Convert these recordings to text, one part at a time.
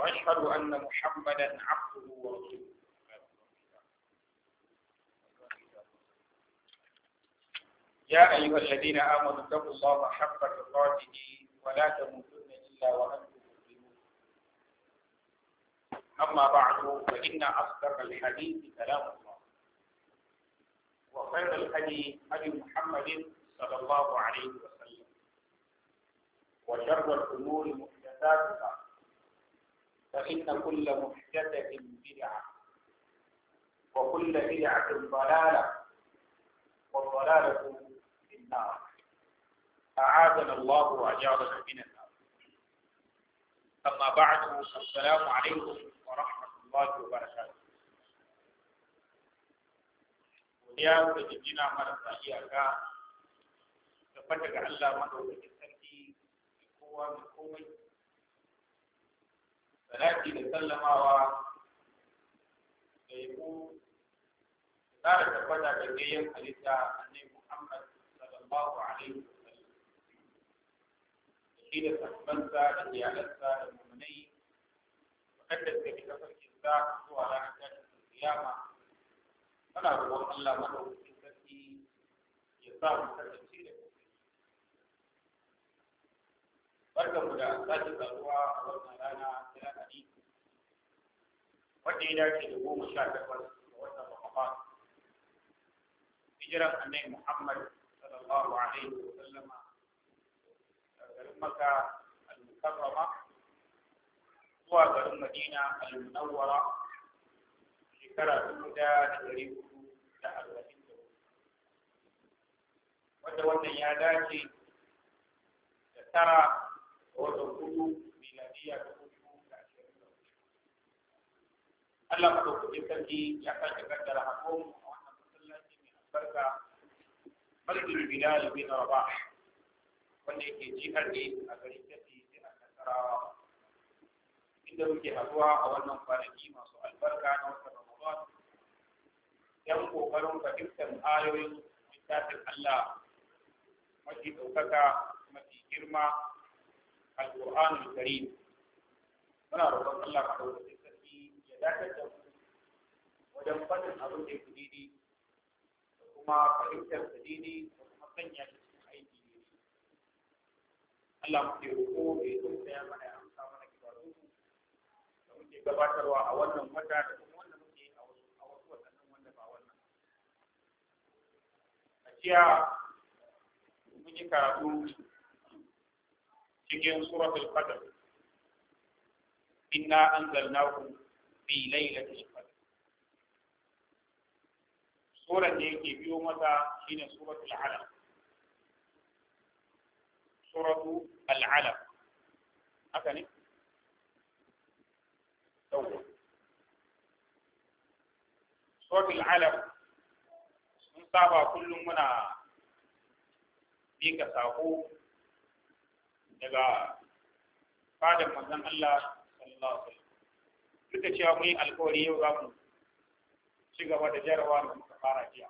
وأشهد أن محمدا عبده ورسوله يا أيها الذين آمنوا اتقوا الله حق تقاته ولا تموتن إلا وأنتم مسلمون أما بعد فإن أصدق الحديث كلام الله وخير الهدي هدي محمد صلى الله عليه وسلم وشر الأمور محدثاتها فإن كل محدثة بدعة وكل بدعة ضلالة والضلالة في النار أعاذنا الله وأجارنا من النار أما بعد السلام عليكم ورحمة الله وبركاته يا سيدنا jinjina marasa iyaka da fata ga Allah madaukakin من da salati da sallamawa da yabo tsara tabbata ga gayyan halitta annabi Muhammad sallallahu alaihi wasallam shi da sahabbansa da iyalansa da mu'minai wadanda suka bi tafarkin sa zuwa ranar tashin kiyama muna roƙon Allah madaukakin sarki ya sa barkan mu da sake saduwa a wannan rana ta lahadi wanda ya dace da goma sha takwas ga watan ramadan hijiran annabi muhammad sallallahu alaihi wa sallama garin maka al-mukarrama zuwa garin madina al-munawwara shekara dubu da dari hudu da arba'in da wanda wannan ya dace da tara watan hudu miladiya ta hudu da ashirin da hudu. Allah maɗaukakin sarki ya kai sake kaddara hakon a wannan masallaci mai albarka Marjul Bilal bin Rabah wanda yake jihar ne a garin Kebbi da Nasarawa. Inda muke haɗuwa a wannan kwanaki masu albarka na watan Ramadan. Yan ƙoƙarin fahimtar ayoyin littafin Allah mafi ɗaukaka mafi girma القرآن الكريم muna roƙon Allah ka dauki sarki ya dakatar da mu wajen fadin abin da ku didi da kuma fahimtar ku didi da kuma sanya shi cikin aiki ne Allah mu ke roƙo da ya tsaya mana ya amsa mana kibatu da muke gabatarwa a wannan wata da kuma wanda muke a wasu a wasu watannin wanda ba wannan a jiya mun yi تجين سورة القدر إنا أنزلناه في ليلة القدر سورة التي في يومها حين سورة العلق سورة العلق أتني أول سورة العلق مصابة كل منا بيك ساقوه daga fadar manzon Allah sallallahu alaihi wasallam duk da cewa mun yi alƙawari yau za mu ci gaba da jarawa da muka fara jiya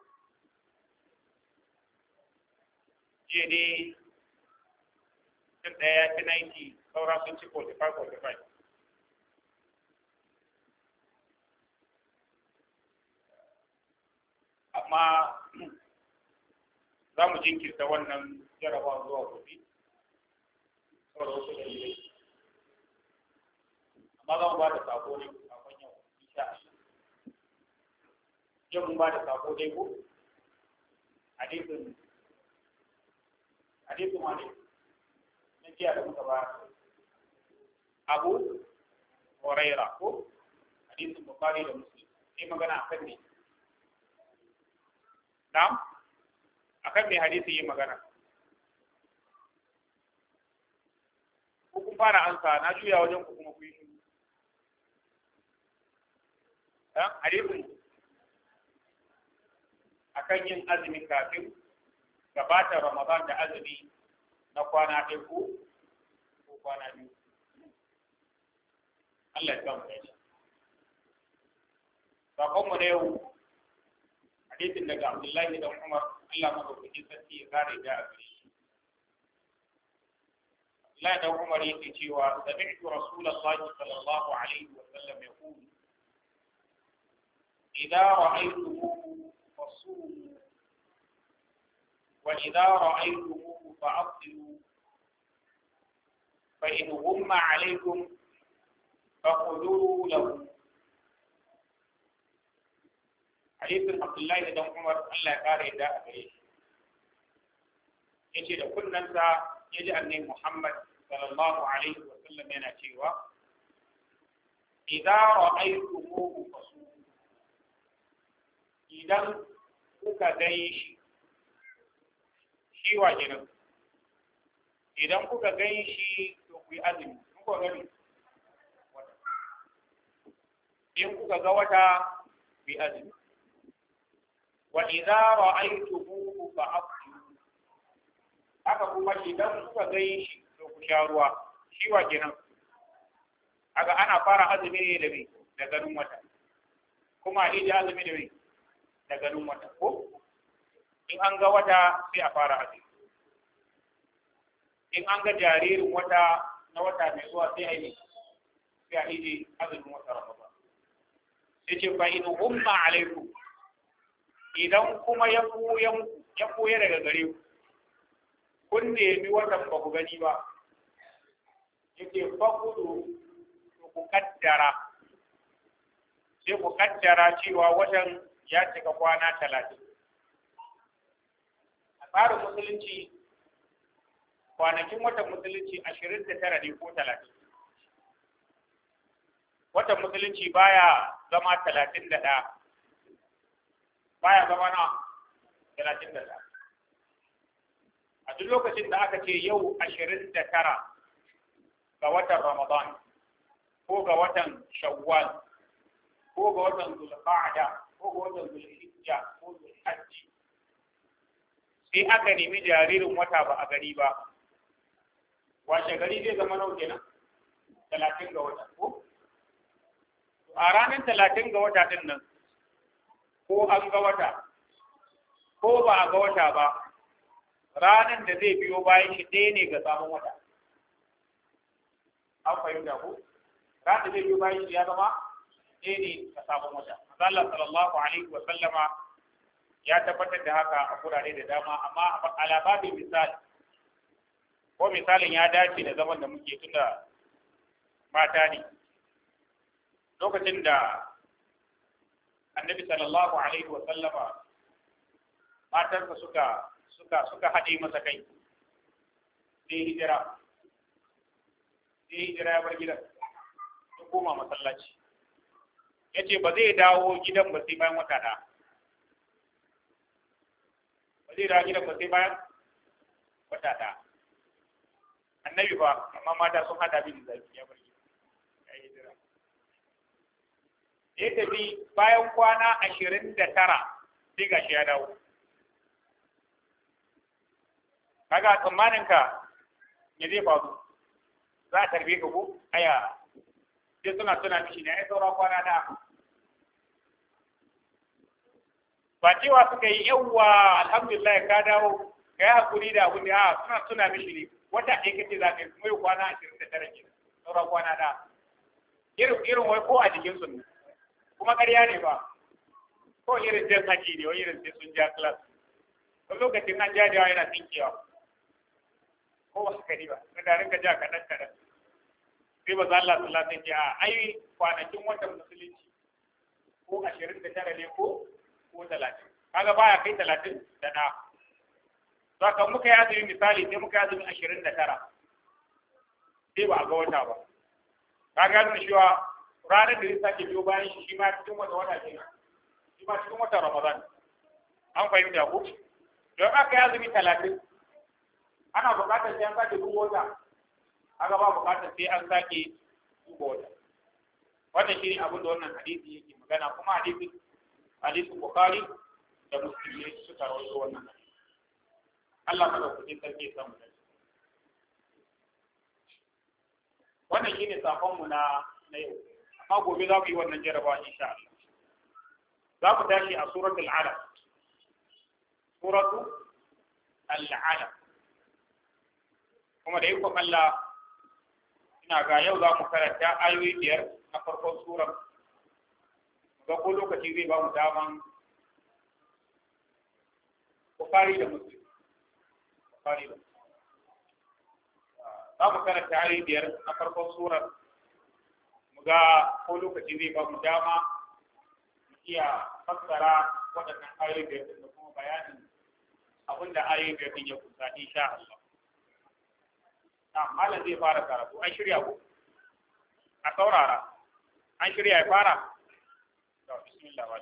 jiya ne tun ɗaya ya fi 90 saura sun ci 45 45 amma za mu jinkirta wannan jarawa zuwa gobe saboda wasu dalilai amma zan ba da sako ne a yau insha Allah yau mun ba da sako dai ko hadisin hadisin wani na jiya da muka ba abu horaira, ko hadisin bukari da muslim sai magana a kan ne na'am akan me hadisi yi magana ko kun fara ansa na juya wajen ku kuma ku yi shiru dan hadisin akan yin azumi kafin gabatar Ramadan da azumi na kwana ɗaya ko ko kwana biyu Allah ya kama Ba sakon mu na yau hadisin daga Abdullahi da Umar Allah madaukakin sarki ya kare da a لا دو عمر يتجيوا سمعت رسول الله صلى الله عليه وسلم يقول إذا رأيته فصوم وإذا رأيته فعطلوا فإن غم عليكم فخذوا له حديث عبد الله بن عمر ألا قال إذا أبيه يجي لكل نفسه يجي أني محمد sallallahu alaihi wa sallam yana cewa idza ra'aytumuhu fasu idan kuka gai shi shi wa idan kuka gai to ku yi azumi in kuka ga wata azumi wa haka kuma idan kuka gai ku sha shi wa kenan aga ana fara azumi ne da me da ganin wata kuma a ije azumi da me da ganin wata ko in an ga wata sai a fara azumi in an ga jaririn wata na wata mai zuwa sai a yi sai a ije azumin wata ramadan sai ce fa in umma alaikum idan kuma ya ya koya daga gare ku kun nemi wannan ba ku gani ba yake fakudu ku kaddara sai ku kaddara cewa watan ya cika kwana talatin a tsarin musulunci kwanakin watan musulunci ashirin da tara ne ko talatin watan musulunci baya zama talatin da ɗaya baya zama na talatin da ɗaya a duk lokacin da aka ce yau ashirin da tara ga watan Ramadan ko ga watan Shawwal ko ga watan Zulqa'da ko ga watan Zulhijja ko Zulhajji sai aka nemi jaririn wata ba a gari ba washe gari zai zama nau kenan talatin ga wata ko a ranar talatin ga wata din nan ko an ga wata ko ba a ga wata ba ranar da zai biyo bayan shi ɗaya ne ga samun wata an fahimta ko ran da zai biyo shi ya zama ɗaya ne a sabon wata Allah sallallahu alaihi wa sallama ya tabbatar da haka a kurare da dama amma alababin misali ko misalin ya dace da zaman da muke tunda mata ne lokacin da annabi sallallahu alaihi wa sallama matarsa suka suka suka haɗe masa kai sai hijira da ya ya bar gidan ya koma masallaci ya ce ba zai dawo gidan ba sai bayan wata da ba zai dawo gidan ba sai bayan wata da annabi ba amma mata sun hada bin zafi ya bar gidan ya hijira ya tafi bayan kwana ashirin da tara sai gashi ya dawo kaga tsammaninka ya zai faru za a tarbe ka ko yara sai suna suna mishi ne ai saura kwana da ba cewa suka yi yawwa alhamdulillah ka dawo ka yi hakuri da abin da a suna suna mishi ne wata ɗaya kace za ka yi kuma yi kwana ashirin da tara ke saura kwana da irin irin wai ko a jikin sun kuma ƙarya ne ba ko irin jan haji ne wai irin sai sun ja kilas. wani lokacin na ja da yawa yana tsinkewa ko ba ka ba ka da rinka ja kaɗan kaɗan sai ba za Allah sallallahu alaihi wasallam ya ai kwanakin watan musulunci ko ashirin da tara ne ko ko talatin kaga baya kai talatin da na. za ka muka yi azumi misali sai muka yi azumi ashirin da tara sai ba a ga wata ba ka ga nuna cewa ranar da zai sake biyo bayan shi shi ma cikin wata wata ne shi ma cikin wata ramadan an fahimta ku don aka yi azumi talatin ana buƙatar sai an sake duba wata aka ba buƙatar sai an sake duba wata wannan shi ne abin da wannan hadisi yake magana kuma hadisi hadisi bukhari da muslim ne suka rawaito wannan hadisi Allah madaukakin sarki ya mu wannan shi ne sakonmu na na yau amma gobe za ku yi wannan jarabawa insha Allah za ku tashi a suratul alaq suratu alaq kuma da ikon Allah ina ga yau za mu karanta ayoyi biyar na farkon surar ga ko lokaci zai ba mu daman fari da Ku fari da za mu karanta ayoyi biyar na farkon surar mu ga ko lokaci zai ba mu dama mu iya fassara waɗannan ayoyi biyar da kuma bayanin da ayoyi biyar din ya kusa insha Allah a malam zai fara karatu an shirya ko a saurara an shirya ya fara to bismillah wal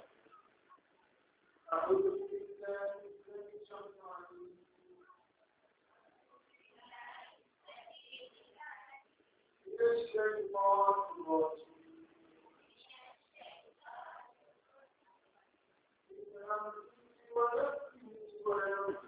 Thank you.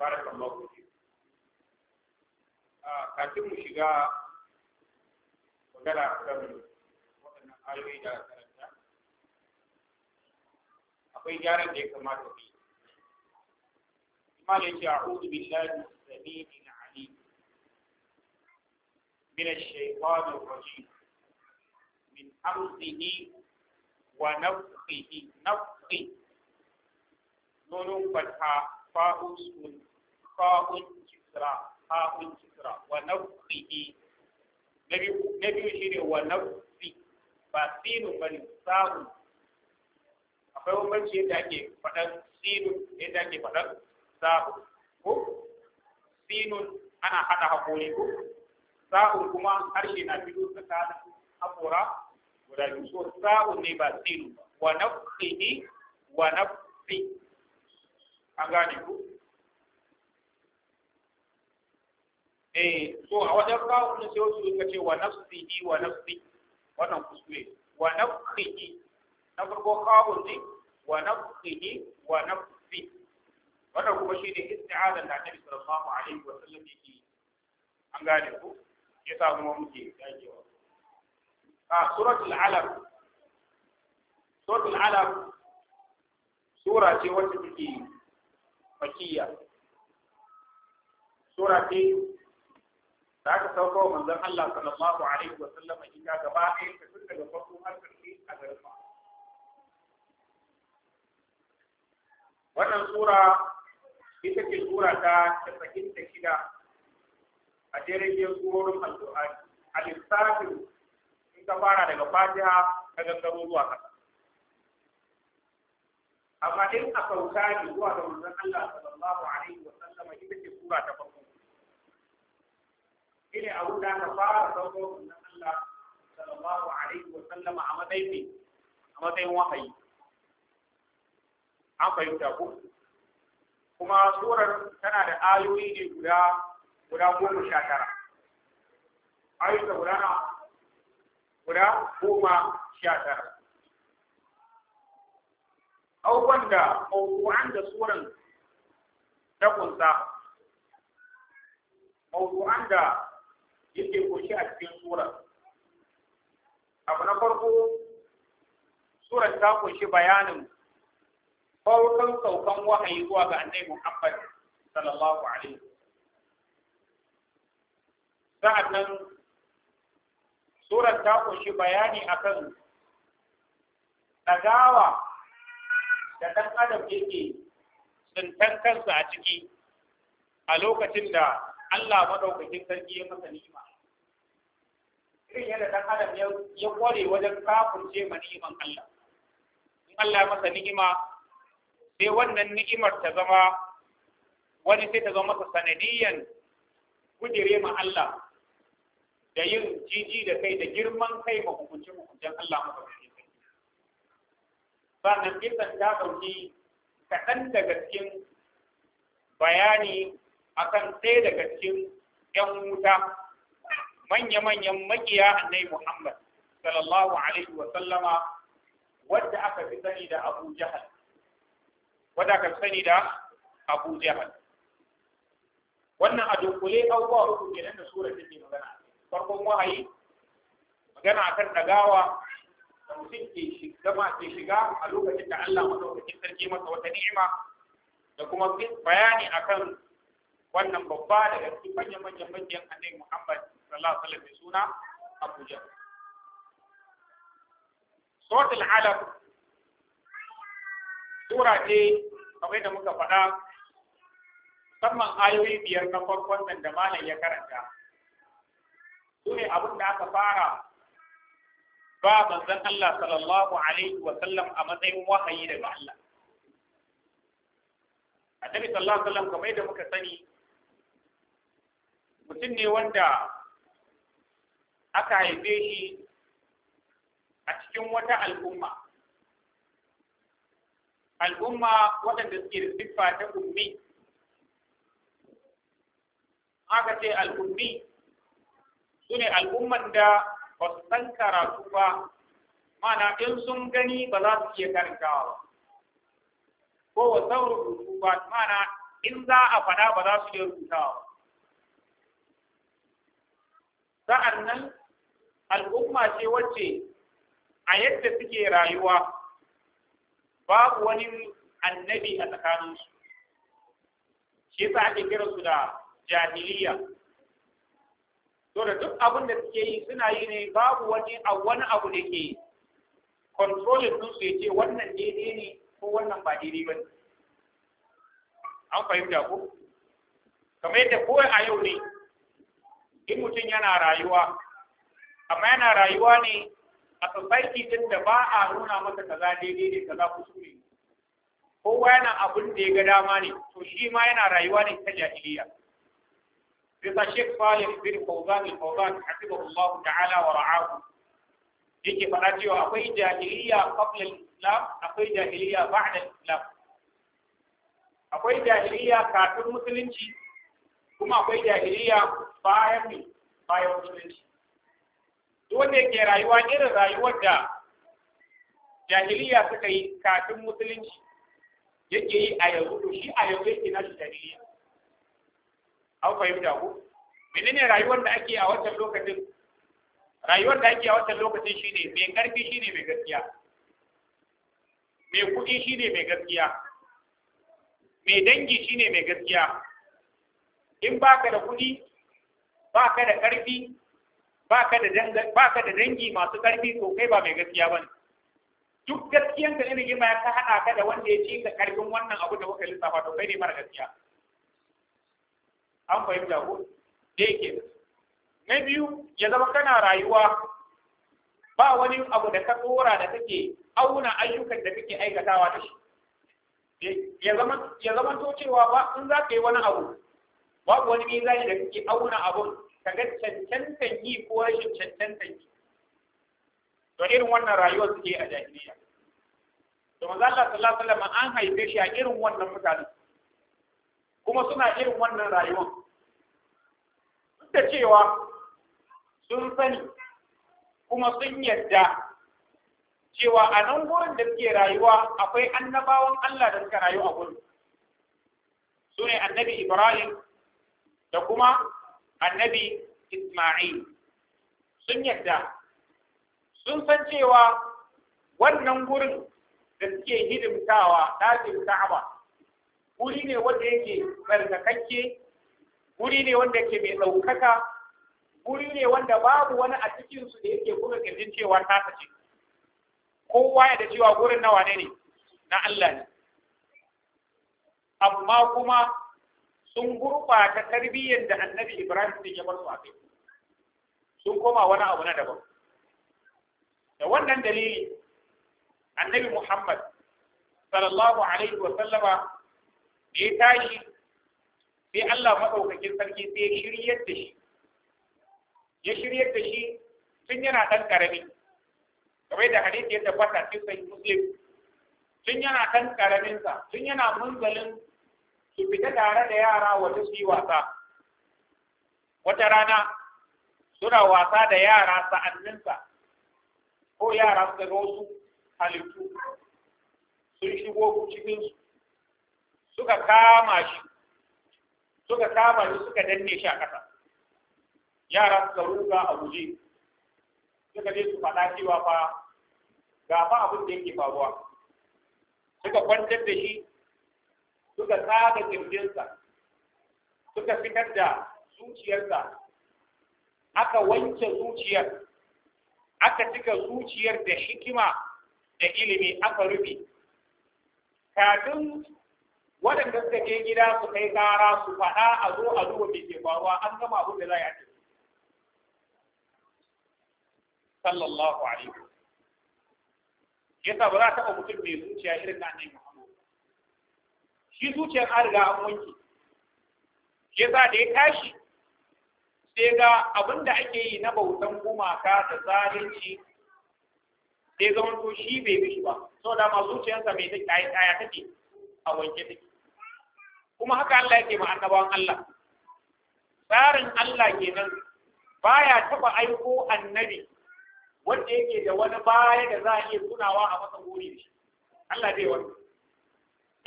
barakallahu fi a ah, kafin mu shiga magana kan waɗannan ayoyi da karanta akwai gyaran da ya kamata mu yi imam yake a'udhu billahi samii'in 'aliim min ash-shaytaani ar-rajiim min hamzihi wa nafthihi nafthi nunun fatha fa'u sun fa'un kisra fa'un kisra wa nafsihi na biyu shi ne wa nafsi ba sinu ba ne sa'un akwai bambanci yadda ake faɗan sinu yadda ake faɗan sa'un ko sinu ana haɗa haƙori ko sa'un kuma harshe na fito tsakanin haƙora guda biyu so sa'un ne ba sinu wa nafsihi wa nafsi an gane ku eh so a wajen rawun sai wasu suka ce wa nafsihi wa nafsi wannan kuskure wa nafsihi na farko kawun ne wa nafsihi wa nafsi wannan kuma shi ne isti'adar da annabi sallallahu alaihi wa sallam yake an gane ku ya sa kuma muke dagewa a suratul alam suratul alam sura ce wacce take makiyya sura ce da aka sauka wa manzon Allah sallallahu alaihi wa sallam ita gaba ɗaya ta tun daga farko har ƙarshe a garin wannan sura ita ce sura ta casa'in da shida a jirgin al alƙur'ani a lissafin in ka fara daga fatiha ta gangaro zuwa ƙasa amma in a sauka ne zuwa ga manzon Allah sallallahu alaihi wa sallama ita ce sura ta farko shine abin da aka fara sauko na Allah sallallahu alaihi wa sallama a matsayin a matsayin wahayi an fahimta ku kuma surar tana da ayoyi ne guda guda goma sha tara ayoyi da guda guda goma sha tara abubuwan da mawuwan da suran ta kunsa mawuwan da yake koshi a cikin sura abu na farko sura ta kunshi bayanin farkon saukan wahayi zuwa ga annabi Muhammad sallallahu alaihi nan, sura ta kunshi bayani akan dagawa da ɗan adam yake tsintan kansa a ciki a lokacin da Allah madaukakin sarki ya masa ni'ima irin yadda dan adam ya kware wajen kafurce ma ni'iman Allah in Allah masa ni'ima sai wannan ni'imar ta zama wani sai ta zama masa sanadiyan kujere ma Allah da yin jiji da kai da girman kai ma hukuncin hukuncin Allah madaukakin sarki sannan kisan ta ɗauki kaɗan daga cikin bayani akan ɗaya daga cikin ‘yan wuta manya-manyan makiya annai Muhammad sallallahu alaihi wa sallama wadda aka fi sani da Abu Jahal. Wadda aka fi sani da Abu Jahal. Wannan a dunkule abubuwa uku kenan da sura take magana. Farkon wahayi magana akan ɗagawa, da mutum ke shiga ke shiga a lokacin da Allah madaukakin sarki masa wata ni'ima da kuma bayani akan wannan babba daga cikin manya-manyan manyan annabi Muhammad sallallahu alaihi wasallam suna Abuja. Jahl suratul tura sura ce kamar da muka faɗa musamman ayoyi biyar na farkon nan da malam ya karanta su ne abin da aka fara ba manzon Allah sallallahu alaihi wa sallam a matsayin wahayi daga Allah annabi sallallahu alaihi wasallam kamar yadda muka sani mutum ne wanda aka haife shi a cikin wata al'umma al'umma waɗanda suke da siffa ta ummi aka ce al'ummi su ne al'umman da ba su san karatu ba mana in sun gani ba za su iya karantawa ba ko wa saurin rubutu ba mana in za a faɗa ba za su iya rubutawa ba nan al'umma ce wacce a yadda suke rayuwa babu wani annabi a tsakaninsu shi yasa ake kira su da jahiliya to da duk abin da suke yi suna yi ne babu wani wani abu da ke kontrolin din su ce wannan daidai ne ko wannan ba daidai ba ne. an fahimta ko kamar yadda kowai a yau ne in mutum yana rayuwa amma yana rayuwa ne a society din da ba a nuna masa kaza daidai ne kaza kuskure kowa yana abin da ya ga dama ne to shi ma yana rayuwa ne ta jahiliya bisa Sheikh Salih bin Fawzan al-Fawzan ta ta'ala wa ra'ahu yake faɗa cewa akwai jahiliya qabla al-islam akwai jahiliya ba'da al-islam akwai jahiliya kafin musulunci kuma akwai jahiliya bayan ne bayan musulunci Dole yake rayuwa irin rayuwar da jahiliya suka yi kafin musulunci yake yi a yanzu to shi a yanzu yake na jahiliya an fahimta ku menene rayuwar da ake a wancan lokacin rayuwar da ake a wancan lokacin shine mai karfi shine mai gaskiya mai kuɗi shine mai gaskiya mai dangi shine mai gaskiya in baka da kuɗi ba ka da ƙarfi ba ka da dangi masu ƙarfi to kai ba mai gaskiya ba ne duk gaskiyan ka ne ya ka haɗa ka da wanda ya ci ka ƙarfin wannan abu da kuka lissafa to kai ne mara gaskiya an fahimta ko da yake na biyu ya zama kana rayuwa ba wani abu da ka tsora da kake auna ayyukan da kake aikatawa da shi ya zama to cewa ba in za ka yi wani abu babu wani mizani da kake auna abun ga cancantan yi ko rashin cancantan yi to irin wannan rayuwar suke a jahiliya to manzo Allah sallallahu alaihi wasallam an haife shi a irin wannan mutanen kuma suna irin wannan rayuwar duk da cewa sun sani kuma sun yarda cewa a nan gurin da suke rayuwa akwai annabawan Allah da suka rayu a gurin su ne annabi Ibrahim da kuma annabi Ismail sun yadda sun san cewa wannan gurin da suke hidimtawa ɗakin Ka'aba guri ne wanda yake tsarkakakke guri ne wanda ke mai ɗaukaka guri ne wanda babu wani a cikinsu da yake kuma kirjin cewa ta sace. kowa ya da cewa gurin nawa ne ne na Allah ne amma kuma sun gurɓata tarbiyyar da annabi Ibrahim ne ya bar a kai sun koma wani abu na daban da wannan dalili annabi Muhammad sallallahu alaihi wa sallama da ya tashi sai Allah maɗaukakin sarki sai ya shiryar da shi ya shiryar da shi tun yana ɗan ƙarami kamar da hadisi ya tabbata cikin sahih Muslim tun yana ɗan ƙaraminsa tun yana munzalin Ki fita tare da yara wata su yi wasa wata rana suna wasa da yara sa'anninsa ko yara su ga wasu halittu sun shigo cikinsu suka kama shi suka kama shi suka danne shi a ƙasa yara suka ruga a guje suka je su faɗa cewa fa ga abin da yake faruwa suka kwantar da shi suka tsaga kirjinsa suka fitar da zuciyarsa aka wanke zuciyar aka cika zuciyar da hikima da ilimi aka rufe kafin waɗanda suka je gida su kai ƙara su faɗa a zo a zuwa mai ke faruwa an gama abin da za a yi sallallahu alaihi yasa ba za a taɓa mutum mai zuciya irin na nema. shi zuciyar an riga an wanke shi za da ya tashi sai ga abin da ake yi na bautan gumaka da zalunci sai ga to shi bai bi shi ba da ma zuciyarsa mai take ayi aya take a wanke take kuma haka Allah yake ma annabawan Allah tsarin Allah kenan baya taba aiko annabi wanda yake da wani baya da za a iya tunawa a masa gori da shi Allah bai wani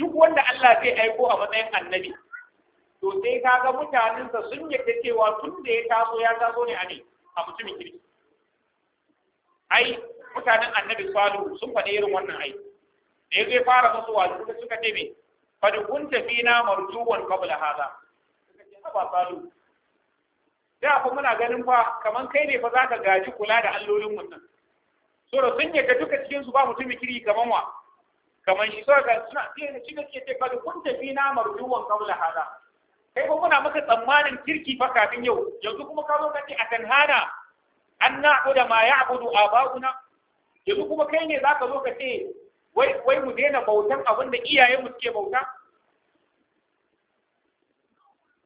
duk wanda Allah zai aiko a matsayin annabi to sai kaga mutanensa sun yadda cewa tun da ya taso ya taso ne a ne a mutumin kirki ai mutanen annabi salu sun faɗi irin wannan ai da ya zai fara musu wasu suka suka ce me fadi kun tafi na marjuwan kabla haza suka ce haba salu da ku muna ganin fa kaman kai ne fa za ka gaji kula da allolin mutum. so da sun yadda duka cikin su ba mutumin kirki kaman wa kamar shi so ga suna sai da shi ke ce kada kun tafi na marjuwan kaula hada kai ko kuna maka tsammanin kirki fa kafin yau yanzu kuma ka zo ka ce kan hana an da ma ya'budu aba'una yanzu kuma kai ne zaka zo ka ce wai wai mu daina bautan abin da iyayen mu suke bauta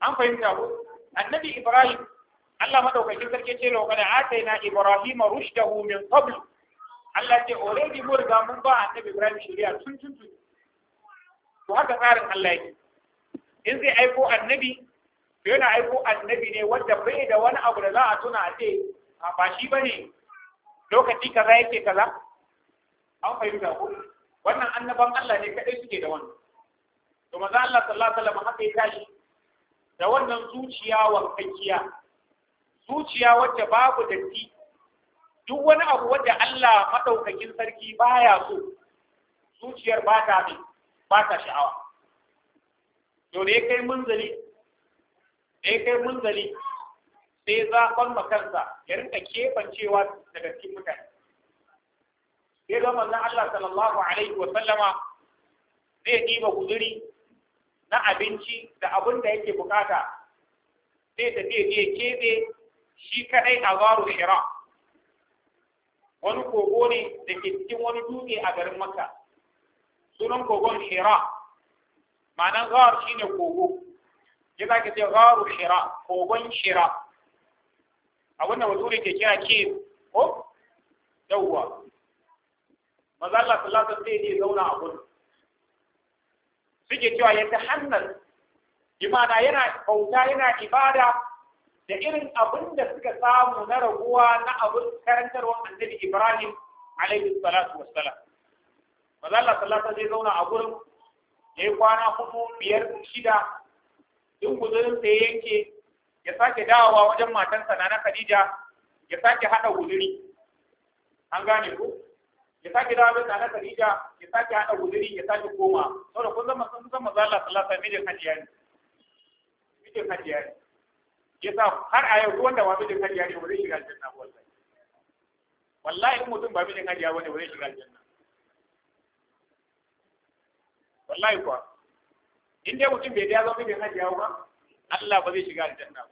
an fahimta ko annabi ibrahim Allah madaukakin sarki ce lo yi na ibrahim rushdahu min qabl Allah ce already mun riga mun ba annabi Ibrahim shari'a tun tun tun to haka tsarin Allah yake in zai aiko annabi to yana aiko annabi ne wanda bai da wani abu da za a tuna a ce a ah, ba shi bane lokaci kaza yake kaza an fahimta ko wannan annaban Allah ne kadai suke da wannan to maza Allah sallallahu alaihi wasallam haka ya tashi da wannan zuciya wankakkiya zuciya wacce babu datti duk wani abu wanda Allah madaukakin sarki baya so zuciyar ba ta mai ba ta sha'awa to da ya kai munzali da ya kai munzali sai zaɓar makarsa ya rinka keɓancewa daga cikin mutane sai ga manzon Allah sallallahu alaihi wa sallama zai ɗiba guduri na abinci da abin da yake bukata sai tafiya je keɓe shi kaɗai a zaru shira' wani kogo ne da ke cikin wani dutse a garin Makka sunan kogon Hira ma'anan shi ne kogo ya za ka ce gharu Hira kogon Hira a wannan ne ke kira ke ko yawwa maza Allah sallallahu alaihi wasallam ya zauna a gudu suke cewa yadda hannan imana yana bauta yana ibada da irin abin da suka samu na raguwa na abin karantarwar annabi Ibrahim alaihi salatu wassalam maza Allah sallallahu zai zauna a gurin ya yi kwana hudu biyar shida duk guzurin da ya yanke ya sake dawowa wajen matansa na Khadija ya sake hada guzuri an gane ku ya sake dawowa wajen na Khadija ya sake hada guzuri ya sake koma saboda kun zama sun zama Allah sallallahu alaihi wasallam mijin hajiya ne mijin hajiya ne yasa har a yau wanda ba mijin hajiya ne ba shiga aljanna ko wallahi wallahi in mutum ba mijin hajiya ba ne shiga aljanna wallahi kuwa in dai mutum bai ya zo mijin hajiya ba Allah ba zai shiga aljanna ba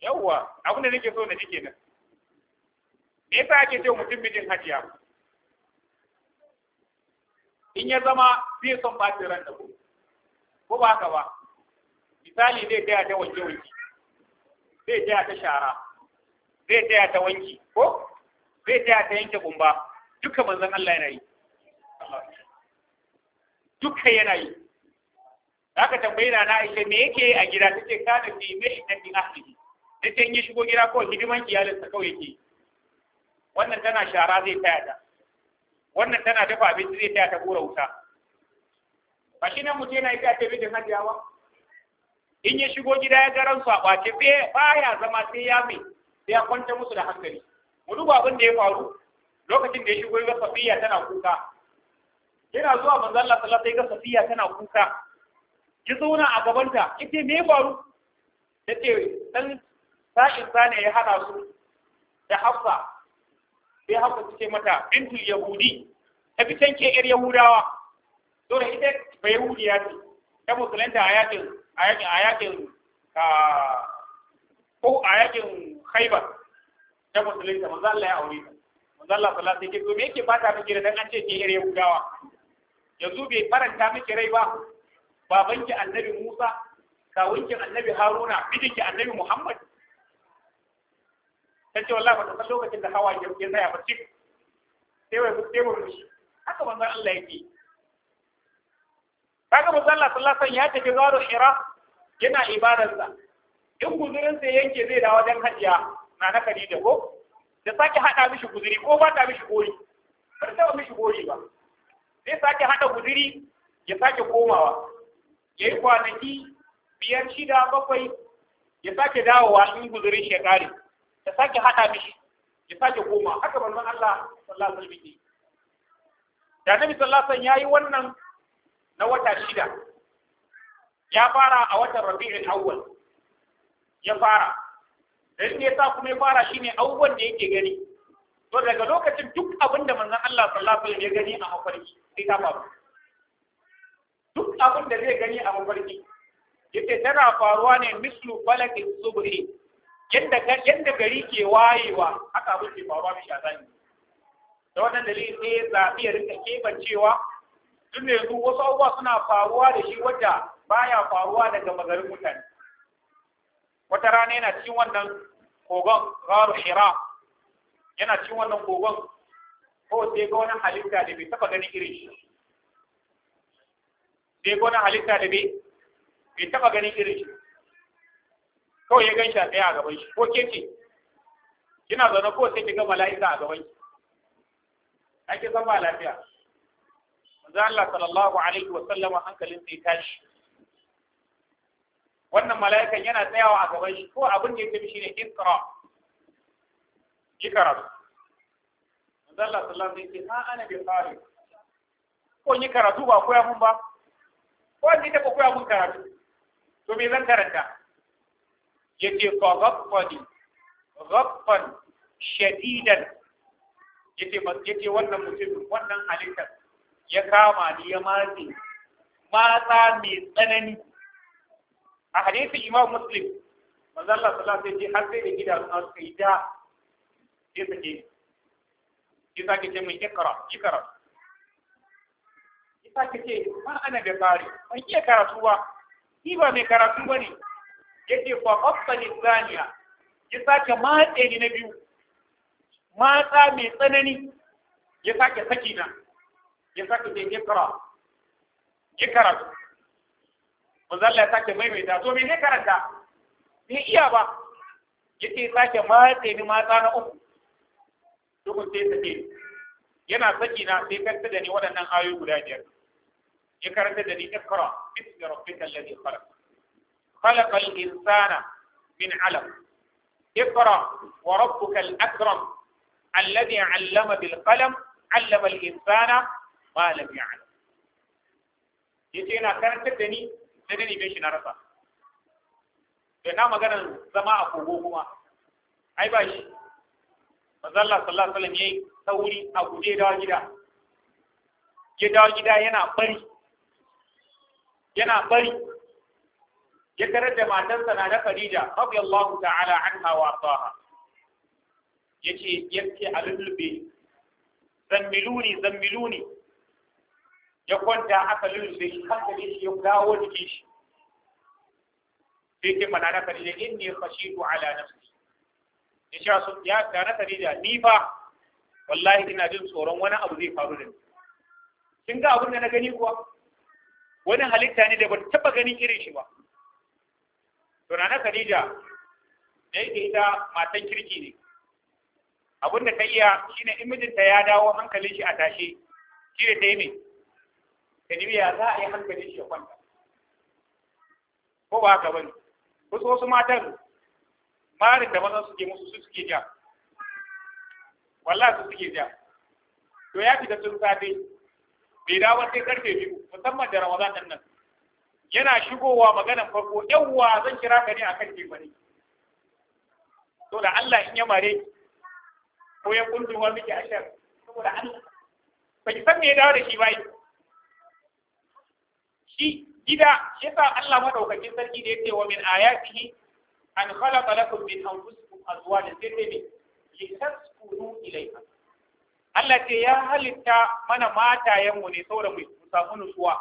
yawwa abin da nake so na ji kenan me yasa ake cewa mutum mijin hajiya in ya zama zai son ɓacin ran da ko ba haka ba misali zai taya ta wanke wanki zai taya ta shara zai taya ta wanki ko zai taya ta yanke kumba duka manzan Allah yana yi duka yana yi aka tambayi na Aisha me yake a gida ta ce kada fi mihdati ahlihi tace in yi shigo gida kawai hidiman iyalinsa kawai yake wannan tana shara zai taya ta wannan tana dafa abinci zai taya ta kura wuta ba shi nan mutum yana yi ta tebe da hadiyawa in ya shigo gida ya ga ransu a ɓace baya zama sai ya mai sai ya kwanta musu da hankali mu duba abin da ya faru lokacin da ya shigo ga safiya tana kuka yana zuwa manzo Allah sallallahu alaihi wasallam ga safiya tana kuka ki zauna a gabanta yace me ya faru tace dan sa'in sane ya hada su da Hafsa sai Hafsa take mata bintul yahudi ta bi tanke yar yahudawa to ita bai yahudiya ce ta musulunta a yakin a a yakin ko a yakin Khaibar ta musulunta manzo Allah ya aure ta manzo Allah sallallahu alaihi wasallam me yake fata miki da dan an ce ki yare Yahudawa yanzu bai faranta miki rai ba babanki annabi Musa kawunki annabi Haruna bidanki annabi Muhammad ta ce wallahi ba ta san lokacin da hawa ya tsaya ba cik sai wai sai mu shi haka manzo Allah yake kaga manzo Allah sallallahu alaihi wasallam ya tafi zuwa Hira yana ibadarsa in sai yanke zai da wajen hajiya na na Khadija ko da sake hada mishi guzuri ko ba ta mishi gori bar ta mishi gori ba zai sake hada guzuri ya sake komawa ya yi kwanaki biyar shida bakwai ya sake dawowa in guzurin shi ya sake hada mishi ya sake komawa, haka manzon Allah sallallahu alaihi wasallam da Nabi sallallahu alaihi wasallam yayi wannan na wata shida ya fara a watan rabi'in awwal ya fara dan ne sa kuma ya fara shine awwal ne yake gani to daga lokacin duk abin da manzon Allah sallallahu alaihi wasallam ya gani a mafarki sai ta faru duk abin da zai gani a mafarki yace tana faruwa ne mislu falaki subhi yadda yanda gari ke wayewa haka abin ke faruwa mishi a zani da wannan dalilin sai ya zaɓi ya rinka kebancewa tun da yanzu wasu abubuwa suna faruwa da shi wadda baya faruwa daga magarin mutane wata rana yana cikin wannan kogon garu hira yana cikin wannan kogon ko sai ga wani halitta da bai taba ganin irin shi sai ga wani halitta da bai bai taba ganin irin shi kawai ya ganshi a tsaye a gaban shi ko keke kina zaune ko sai ga mala'ika a gaban shi ake zama lafiya manzo Allah sallallahu alaihi wa sallama hankalin sai tashi wannan mala'ikan yana tsayawa a gaban shi ko abin da ya tafi shine ikra ikra manzo Allah sallallahu alaihi wasallam ha ana bi qari ko ni karatu ba koya mun ba ko ni ta ko koya mun karatu to me zan karanta yace fa ghaffani ghaffan shadidan yace yace wannan mutum wannan halittar ya kama ni ya matse matsa mai tsanani a hadisi imam muslim manzo Allah sallallahu alaihi wasallam har sai da gidan an suka yi da sai sake shi sake ce mai ikra ikra shi sake ce ba ana da tsari ban iya karatu ba ni ba mai karatu ba ne yake fa qattani zaniya ya sake matse ni na biyu matsa mai tsanani ya sake saki na ya sake ce ikra ikra manzo Allah ya sake maimaita to me ne karanta ni iya ba yake sake matse ni matsa na uku dukun sai ta ce yana saki na sai karta da ni waɗannan ayoyi guda biyar ya karanta da ni ikra bismi rabbika alladhi khalaq خلق الإنسان من علم اقرأ وربك الأكرم الذي علم بالقلم علم الإنسان ما لم يعلم yace yana karantar da ni sai ne nime shi na rasa na maganar zama a kogo kuma ai ba shi mazalla sallallahu alaihi wasallam yayi sauri a guje dawo gida ya dawo gida yana bari yana bari ya tarar da matarsa na da Khadija radiyallahu ta'ala anha wa ardaha yace yace a lullube zammiluni zammiluni ya kwanta aka lullube shi hankali shi ya dawo jikin shi sai ke mana na Khadija inni khashitu ala nafsi ya sha su ya ta na Khadija ni fa wallahi ina jin tsoron wani abu zai faru da ni kin ga abin da na gani kuwa wani halitta ne da ba taba ganin irin shi ba to na Khadija da yake ita matan kirki ne abin da ta iya shine imijinta ya dawo hankalin shi a tashe shi da ta yi ka ya za a yi hankali shi ya kwanta ko ba haka bane wasu wasu matan marin da maza suke musu su suke ja wallahi su suke ja to ya fita tun safe bai dawo sai karfe biyu musamman da ramadan din nan yana shigowa maganan farko yawwa zan kira ka ne akan bane. to da Allah in ya mare ko ya wani ke ashar saboda Allah ba ki san me ya dawo da shi bai shi gida sa Allah madaukakin sarki da yake wa min ayatihi an khalaqa lakum min anfusikum azwajan sai li litaskunu ilayha Allah ce ya halitta mana mu ne saboda mu samu nutsuwa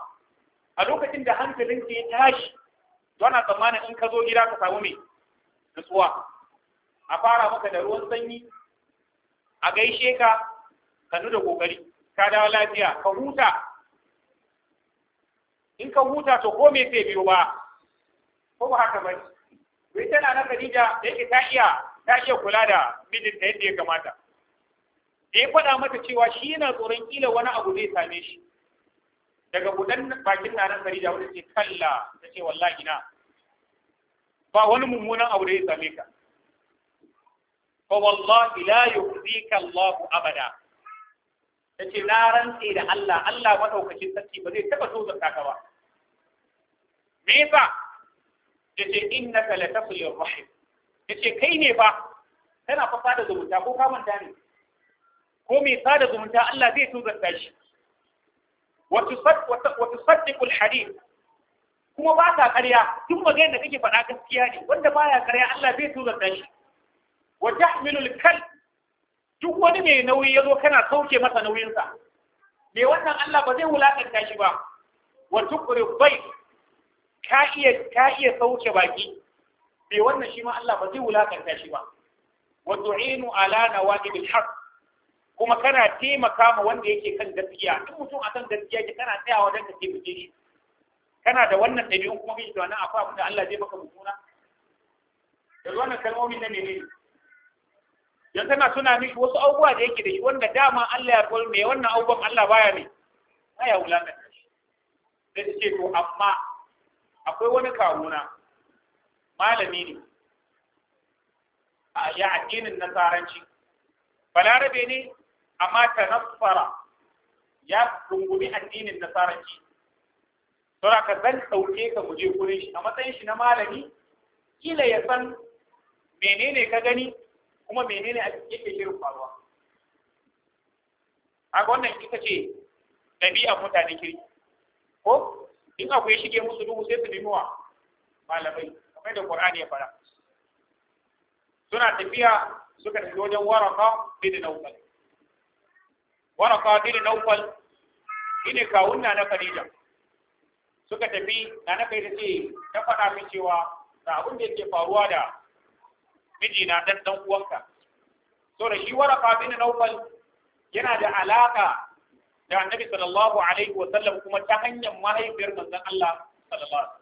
a lokacin da hankalin ke tashi ana tsammanin in ka zo gida ka samu mai nutsuwa a fara maka da ruwan sanyi a gaishe ka kanu da kokari ka dawo lafiya ka huta in ka huta to ko me sai biyo ba ko ba haka ba wai tana na Khadija da yake ta iya ta iya kula da mijinta yadda ya kamata da ya faɗa mata cewa shi yana tsoron kila wani abu zai same shi daga budan bakin na nan Khadija wanda ce kalla ta ce wallahi na ba wani mummunan abu da ya same ka fa wallahi la yuhzika Allah abada Ta ce na rantse da Allah Allah madaukakin sarki ba zai taba so zakka ka ba me yasa yace innaka latasil rahim yace kai ne fa kana fa fada zumunta ko ka manta ne ko me fada zumunta Allah zai tuzarta shi wa tusaddiqu alhadith kuma ba ta ƙarya duk maganar da kake faɗa gaskiya ne wanda baya ƙarya Allah zai tuzarta shi wa tahmilu alkal duk wani mai nauyi ya zo kana sauke masa nauyinsa me wannan Allah ba zai wulakanta shi ba wa tuqri dhayf ka iya sauke baki bai wannan shi ma Allah ba zai wulakanta shi ba wa tu'inu ala nawaqibil haqq kuma kana taimaka ma wanda yake kan gaskiya in mutum akan gaskiya ke kana tsayawa don ka taimake shi kana da wannan ɗabi'un kuma kai da wannan akwai abin da Allah zai maka mutuna da wannan kalmomin na ne. dan tana suna mishi wasu abubuwa da yake da shi wanda dama Allah ya kol me wannan abubuwan Allah baya ne baya wulakanta shi sai ce to amma akwai wani kawuna malami ne a ya addinin nasaranci balarabe ne amma ta nasara ya rungumi addinin nasaranci saboda ka zan ɗauke ka guje je shi a matsayin shi na malami kila ya san menene ka gani kuma menene yake shirin faruwa a wannan ita ce ɗabi'a mutane kirki ko in akwai shige musu duhu sai su nemi wa malamai kamar da qur'ani ya fara suna tafiya suka tafi wajen waraka bin naufal waraka bin naufal shine kawun na Khadija suka tafi na na kai ce ta faɗa min cewa da abin da yake faruwa da mijina dan dan uwanka to da shi waraka bin naufal yana da alaka da annabi sallallahu alaihi wa sallam kuma ta hanyar mahaifiyar manzon Allah sallallahu alaihi wasallam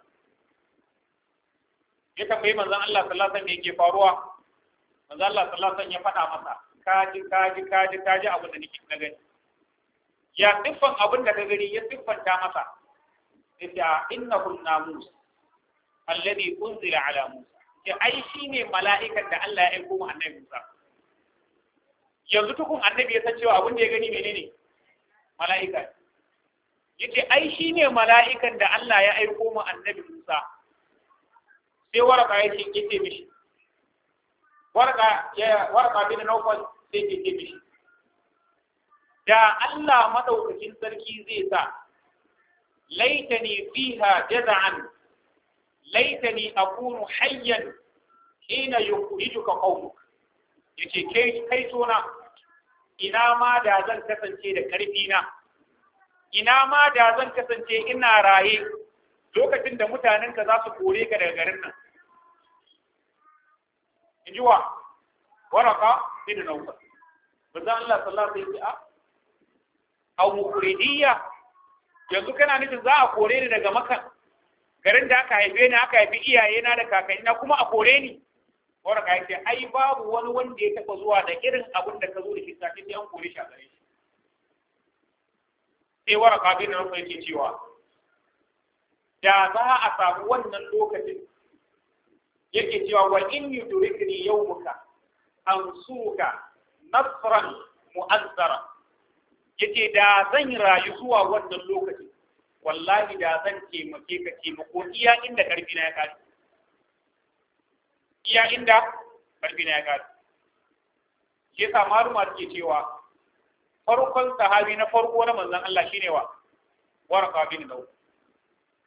ya tambayi manzon Allah sallallahu alaihi wasallam yake faruwa manzon Allah sallallahu alaihi wasallam ya faɗa masa kaji kaji kaji kaji abin da nake na gani ya siffan abin da ka gani ya siffanta masa yace innahu namus alladhi unzila ala musa ke ai shine mala'ikan da Allah ya aika mu annabi musa yanzu tukun annabi ya san cewa abin da ya gani menene mala'ika yace ai ne mala'ikan da Allah ya aiko mu annabi Musa sai waraka mishi ya waraka bin Nawfal sai mishi da Allah maɗaukakin sarki zai sa laitani fiha jaza'an laitani akunu hayyan hina yukhrijuka qaumuk yace kai kai tona ina ma da zan kasance da ƙarfi na ina ma da zan kasance ina raye lokacin da mutanenka za su kore ka daga garin nan in ji wa waraka Ba nauka manzo Allah sallallahu alaihi wasallam a mukhrijiyya yanzu kana nufin za a kore ni daga makan garin da aka haife ni aka haifi iyaye na da kakanni na kuma a kore ni waraka ce, ai babu wani wanda ya taba zuwa da irin abin da ka zo da shi kafin an kore shi a gare shi sai waraka bin nan yake cewa da za a samu wannan lokacin yake cewa wa in yudrikni yawmuka suka nasran mu'azzara yake da zan rayu zuwa wannan lokacin wallahi da zan taimake ka taimako iya inda karfi na ya kare iya inda karfi na ya gado shi yasa maruma suke cewa farkon sahabi na farko na Manzan Allah shi ne wa warqa bin daud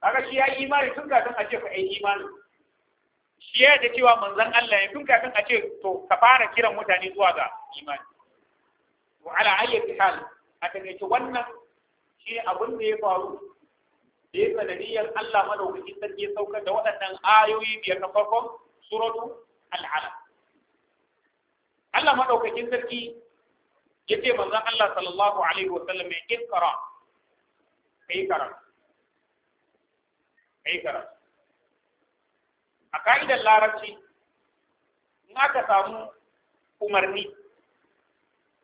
kaga shi ya yi imani tun kafin a ce ka ai imani shi ya da cewa Manzan Allah ya tun kafin a ce to ka fara kiran mutane zuwa ga imani wa ala ayyati hal a takaice wannan shi abin da ya faru da ya sanadiyar Allah madaukakin sarki saukar da waɗannan ayoyi biyar na farkon suratu al'ala Allah maɗaukakin sarki ya ce manzan Allah sallallahu alaihi wasallam ya iskara kai karatu yi karatu a ka'idar larabci in aka samu umarni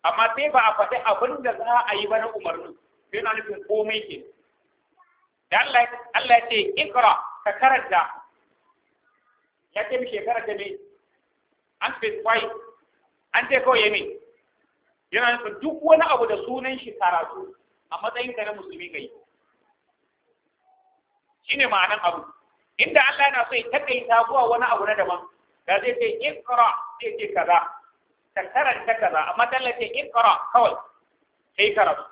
amma sai ba a faɗi abin da za a yi ba na umarni sai na nufin komai ke da Allah ya ce ikra ka karanta kake mi shekara ta me an fi kwai an ce kawai ya me yana nufin duk wani abu da sunan shi karatu a matsayin ka na musulmi kai shine ma'anan abu inda Allah yana so ya takaita zuwa wani abu na daban da zai ce iqra zai ce kaza ta karanta kaza amma dalla ce iqra kawai sai karatu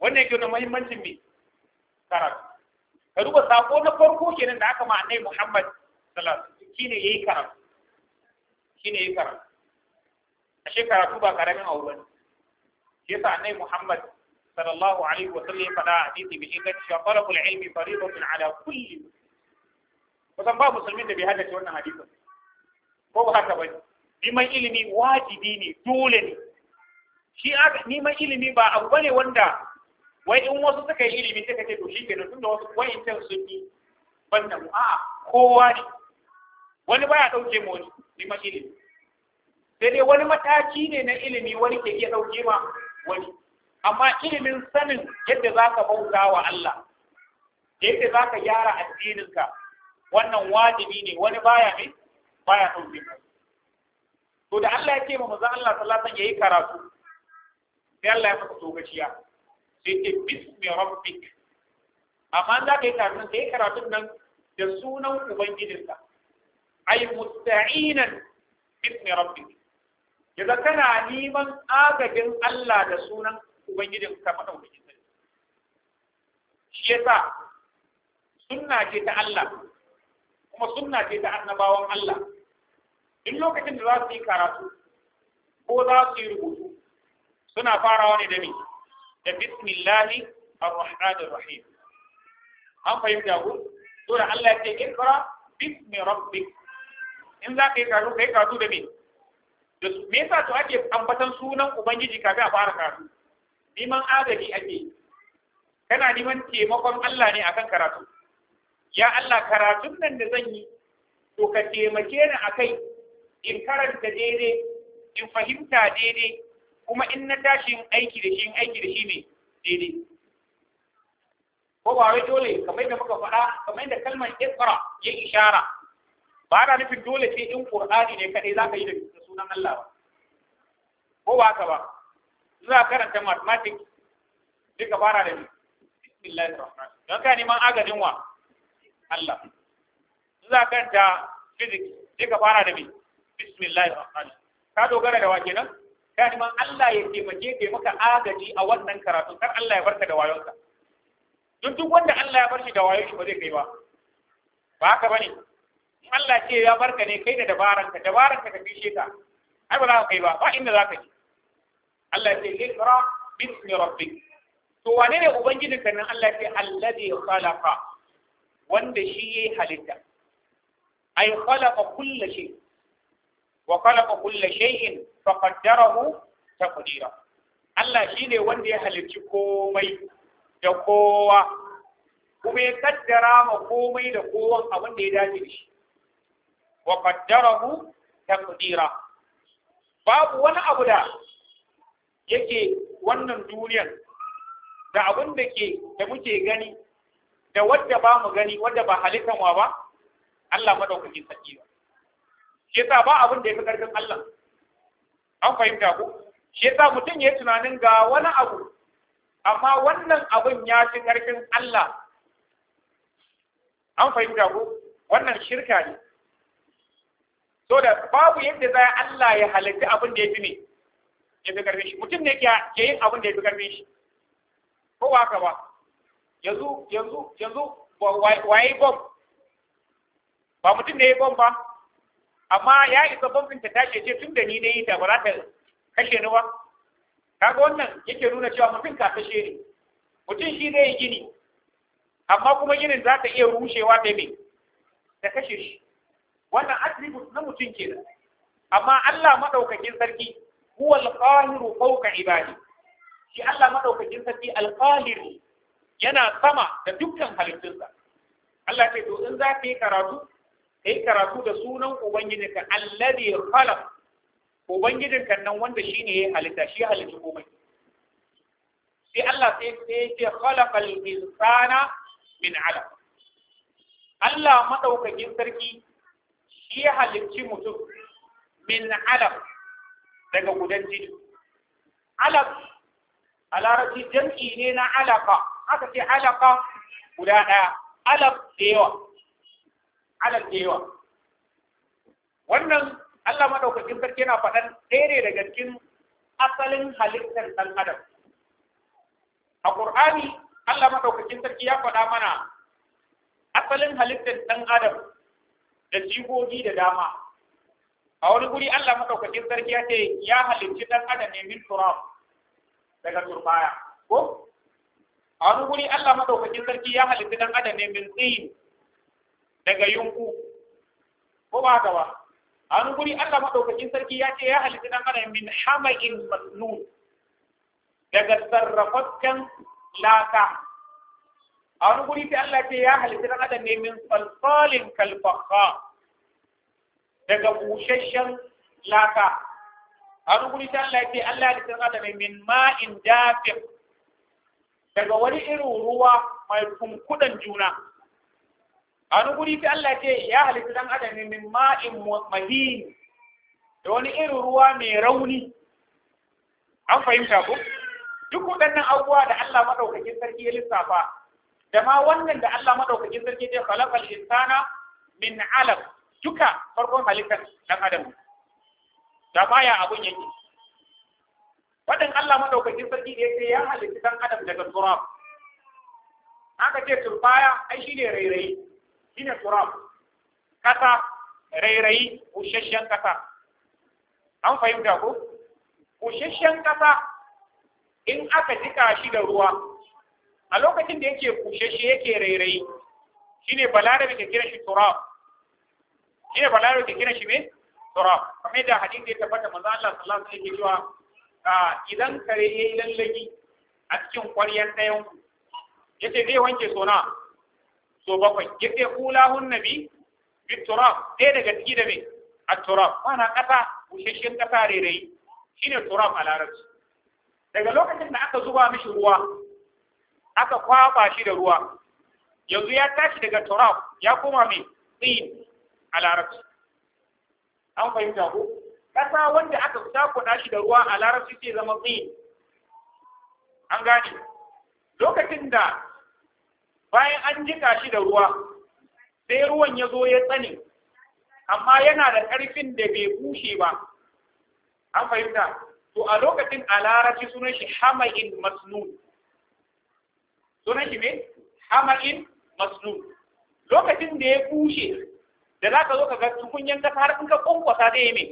wannan yake nuna muhimmancin me karatu ka duba sako na farko kenan da aka ma annabi Muhammad sallallahu alaihi wasallam shine yayi karatu shine yayi karatu ashe karatu ba karamin abu bane yasa annabi Muhammad sallallahu alaihi wasallam ya faɗa hadisi bi inganci cewa talabul ilmi fariidatun ala kulli kusan ba musulmin da bai haddace wannan hadisin ko ba haka ba Ni mai ilimi wajibi ne dole ne shi ni mai ilimi ba abu bane wanda wai in wasu suka yi ilimi suka ce to shi kenan tunda wasu wai wayancan sun yi banda mu a'a kowa ne wani baya ɗauke mu wani neman ilimi sai dai wani mataki ne na ilimi wani ke iya ɗauke ma wani amma ilimin sanin yadda za ka bauta wa Allah yadda za ka gyara addininka wannan wajibi ne wani baya ne baya ɗauke mu to da Allah ya ce ma manzo Allah sallallahu alaihi wasallam yayi karatu sai Allah ya maka togaciya sai ce bismi rabbik amma za ka yi karatun sai karatun nan da sunan ubangijinka أي مستعينا باسم ربك إذا كان نيما آجدين الله دسونا وبنجدين كما نوبي shi yasa sunna ce ta Allah kuma sunna ce ta annabawan Allah duk lokacin da za su yi karatu ko za su yi rubutu suna farawa ne da me da bismillahi ar-rahmanir rahim an fahimta ku to da Allah ya ce ikra bismi rabbik in za ka yi karu ka yi karu da me da su me to ake ambatan sunan ubangiji kafin a fara karatu neman agaji ake kana neman taimakon Allah ne akan karatu ya Allah karatun nan da zan yi to ka taimake ni akai in karanta daidai in fahimta daidai kuma in na tashi in aiki da shi in aiki da shi ne daidai ko ba wai dole kamar da muka faɗa kamar da kalmar isra ya ishara ba na nufin dole sai in qur'ani ne kadai zaka yi da sunan Allah ba ko ba ka ba za karanta mathematics duka fara da bismillahir rahmanir don ka neman agajin wa Allah za karanta physics duka fara da bismillahir rahmanir ka dogara da wake nan ka neman Allah ya taimake ke maka agaji a wannan karatu kar Allah ya barka da wayonka duk duk wanda Allah ya bar da wayon shi ba zai kai ba ba haka bane Allah ce ya barka ne kai da dabaranka dabaranka ta fishe ka ai ba za ka kai ba ba inda za ka je Allah ce ya ikra bismi rabbi. to wane ne ubangijin ka nan Allah ce alladhi khalaqa wanda shi ya yi halitta ai khalaqa kull shay wa khalaqa kull shay'in fa qaddarahu taqdira Allah shi ne wanda ya halicci komai da kowa kuma ya kaddara ma komai da kowan abin da ya dace da shi wa qaddarahu taqdira babu wani abu da yake wannan duniyar da abin da ke da muke gani da wadda ba mu gani wadda ba halittan wa ba Allah madaukakin sarki ba shi yasa ba abin da ya fi karfin Allah an fahimta ko shi yasa mutum ya tunanin ga wani abu amma wannan abin ya fi karfin Allah an fahimta ko wannan shirka ne so da babu yadda za Allah ya halarci abin da ya fi ne ya fi karfin shi mutum ne ke yin abin da ya fi karfin shi ko ba ka ba yanzu yanzu yanzu waye bom ba mutum ne ya bom ba amma ya isa bom din ta tashi ce tun da ni ne ta ba za ta kashe ni ba kaga wannan yake nuna cewa mutum ka kashe ne mutum shi zai gini amma kuma ginin za ta iya rushewa ta me ta kashe shi wannan attribute na mutum kenan amma Allah maɗaukakin sarki huwa al-qahiru ibadi shi Allah maɗaukakin sarki al yana sama da dukkan halittunsa Allah ce to in za ka yi karatu ka yi karatu da sunan ubangijinka alladhi khalaq ubangijinka nan wanda shine ya halitta shi halitta komai sai Allah sai sai ya khalaqal insana min 'alaq Allah madaukakin sarki shi ya halicci mutum min alaf daga gudan jini alaf a larabci jam'i ne na alaka aka ce alaka guda ɗaya alaf da yawa alaf da yawa wannan Allah madaukakin sarki yana faɗan ɗaya daga cikin asalin halittar ɗan adam a ƙur'ani Allah madaukakin sarki ya faɗa mana asalin halittar ɗan adam da jihohi da dama a wani guri Allah madaukakin sarki ya ce ya halicci dan adam ne min turab daga turbaya ko a wani guri Allah madaukakin sarki ya halicci dan adam ne min tsayin daga yunku ko ba ka ba a wani guri Allah madaukakin sarki ya ce ya halicci dan adam min hamain masnun daga sarrafakken laka a wani guri sai Allah ce ya halitta dan adam ne min salsalin kalfakha daga bushashshen laka a wani guri sai Allah ce Allah halitta dan adam ne min ma'in dafiq daga wani irin ruwa mai kunkudan juna a wani guri sai Allah ce ya halitta dan adam ne min ma'in mahin da wani irin ruwa mai rauni an fahimta ku? duk waɗannan abubuwa da Allah maɗaukakin sarki ya lissafa da ma wannan da Allah madaukakin sarki ya khalaqal insana min alaq duka farkon halittar dan adam da baya abun yake wadin Allah madaukakin sarki da yake ya halitta dan adam daga turab aka ce turbaya ai shine rairayi shine turab kasa rairayi bushashshen kasa an fahimta ko bushashshen kasa in aka jika shi da ruwa a lokacin da yake bushashe yake rairayi shine balarabe ke kira shi turab shine balarabe ke kira shi me turab kamar da hadisi ya tabbata manzo Allah sallallahu alaihi wasallam yake cewa ah, idan kare yayi lallagi a cikin ku. Ya yace zai wanke sona so bakwai yace kulahun nabi bi turab ɗaya daga ciki da me a turab wana ƙasa bushashen ƙasa rairayi shine turab a larabci daga lokacin da aka zuba mishi ruwa aka kwaba shi da ruwa yanzu ya tashi daga turab ya koma mai tsin a larabci an fahimta ko ƙasa wanda aka fita cakuɗa shi da ruwa a larabci sai zama tsin an gane lokacin da bayan an jika shi da ruwa sai ruwan ya zo ya tsane amma yana da ƙarfin da bai bushe ba an fahimta to a lokacin a larabci sunan shi hamayin masnun sunan shi me hama'in masnun lokacin da ya bushe da za ka zo ka ga tukunyan kasa har in ka kwankwasa zai yi me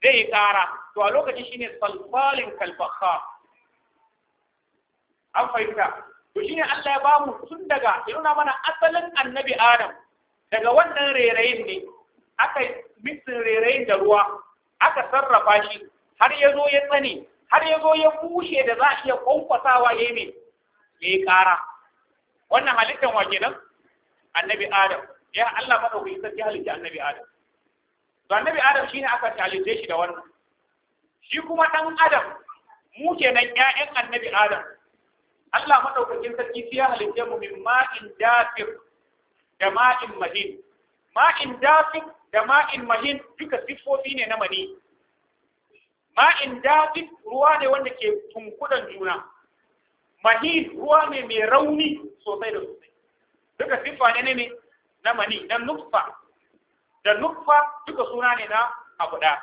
zai yi tsara to a lokacin shine salfalin kalfakha an fahimta to shine Allah ya bamu tun daga ya nuna mana asalin annabi Adam daga wannan rerayin ne aka mixin rerayin da ruwa aka sarrafa shi har ya zo ya tsane har ya zo ya bushe da za a iya kwankwasawa ya yi me ƙara wannan halittar wa kenan annabi adam ya Allah madaukaki sarki halitta annabi adam to annabi adam shine aka halitta shi da wannan shi kuma dan adam mu kenan ƴaƴan annabi adam Allah madaukakin sarki ya halitta mu min ma'in dafir da ma'in mahin ma'in dafir da ma'in mahin duka siffofi ne na mani ma'in dafir ruwa ne wanda ke tunkudan juna Mahi ruwa ne mai rauni sosai da sosai duka siffa ne ne na mani na nufa da nufa duka suna ne na abu da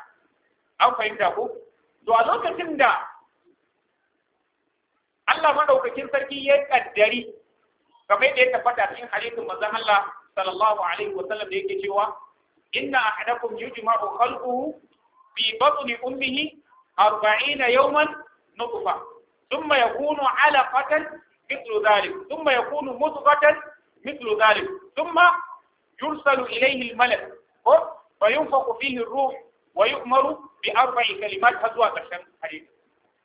an fahimta ko to a lokacin da Allah madaukakin sarki ya kaddari kamar yadda ya tabbata cikin hadisin manzon Allah sallallahu alaihi wa sallam da yake cewa inna ahadakum yujma'u khalquhu bi batni ummihi 40 yawman nutfa ثم يكون علقة مثل ذلك ثم يكون مضغة مثل ذلك ثم يرسل إليه الملك فينفق فيه الروح ويؤمر بأربع كلمات هزوة تشن حديث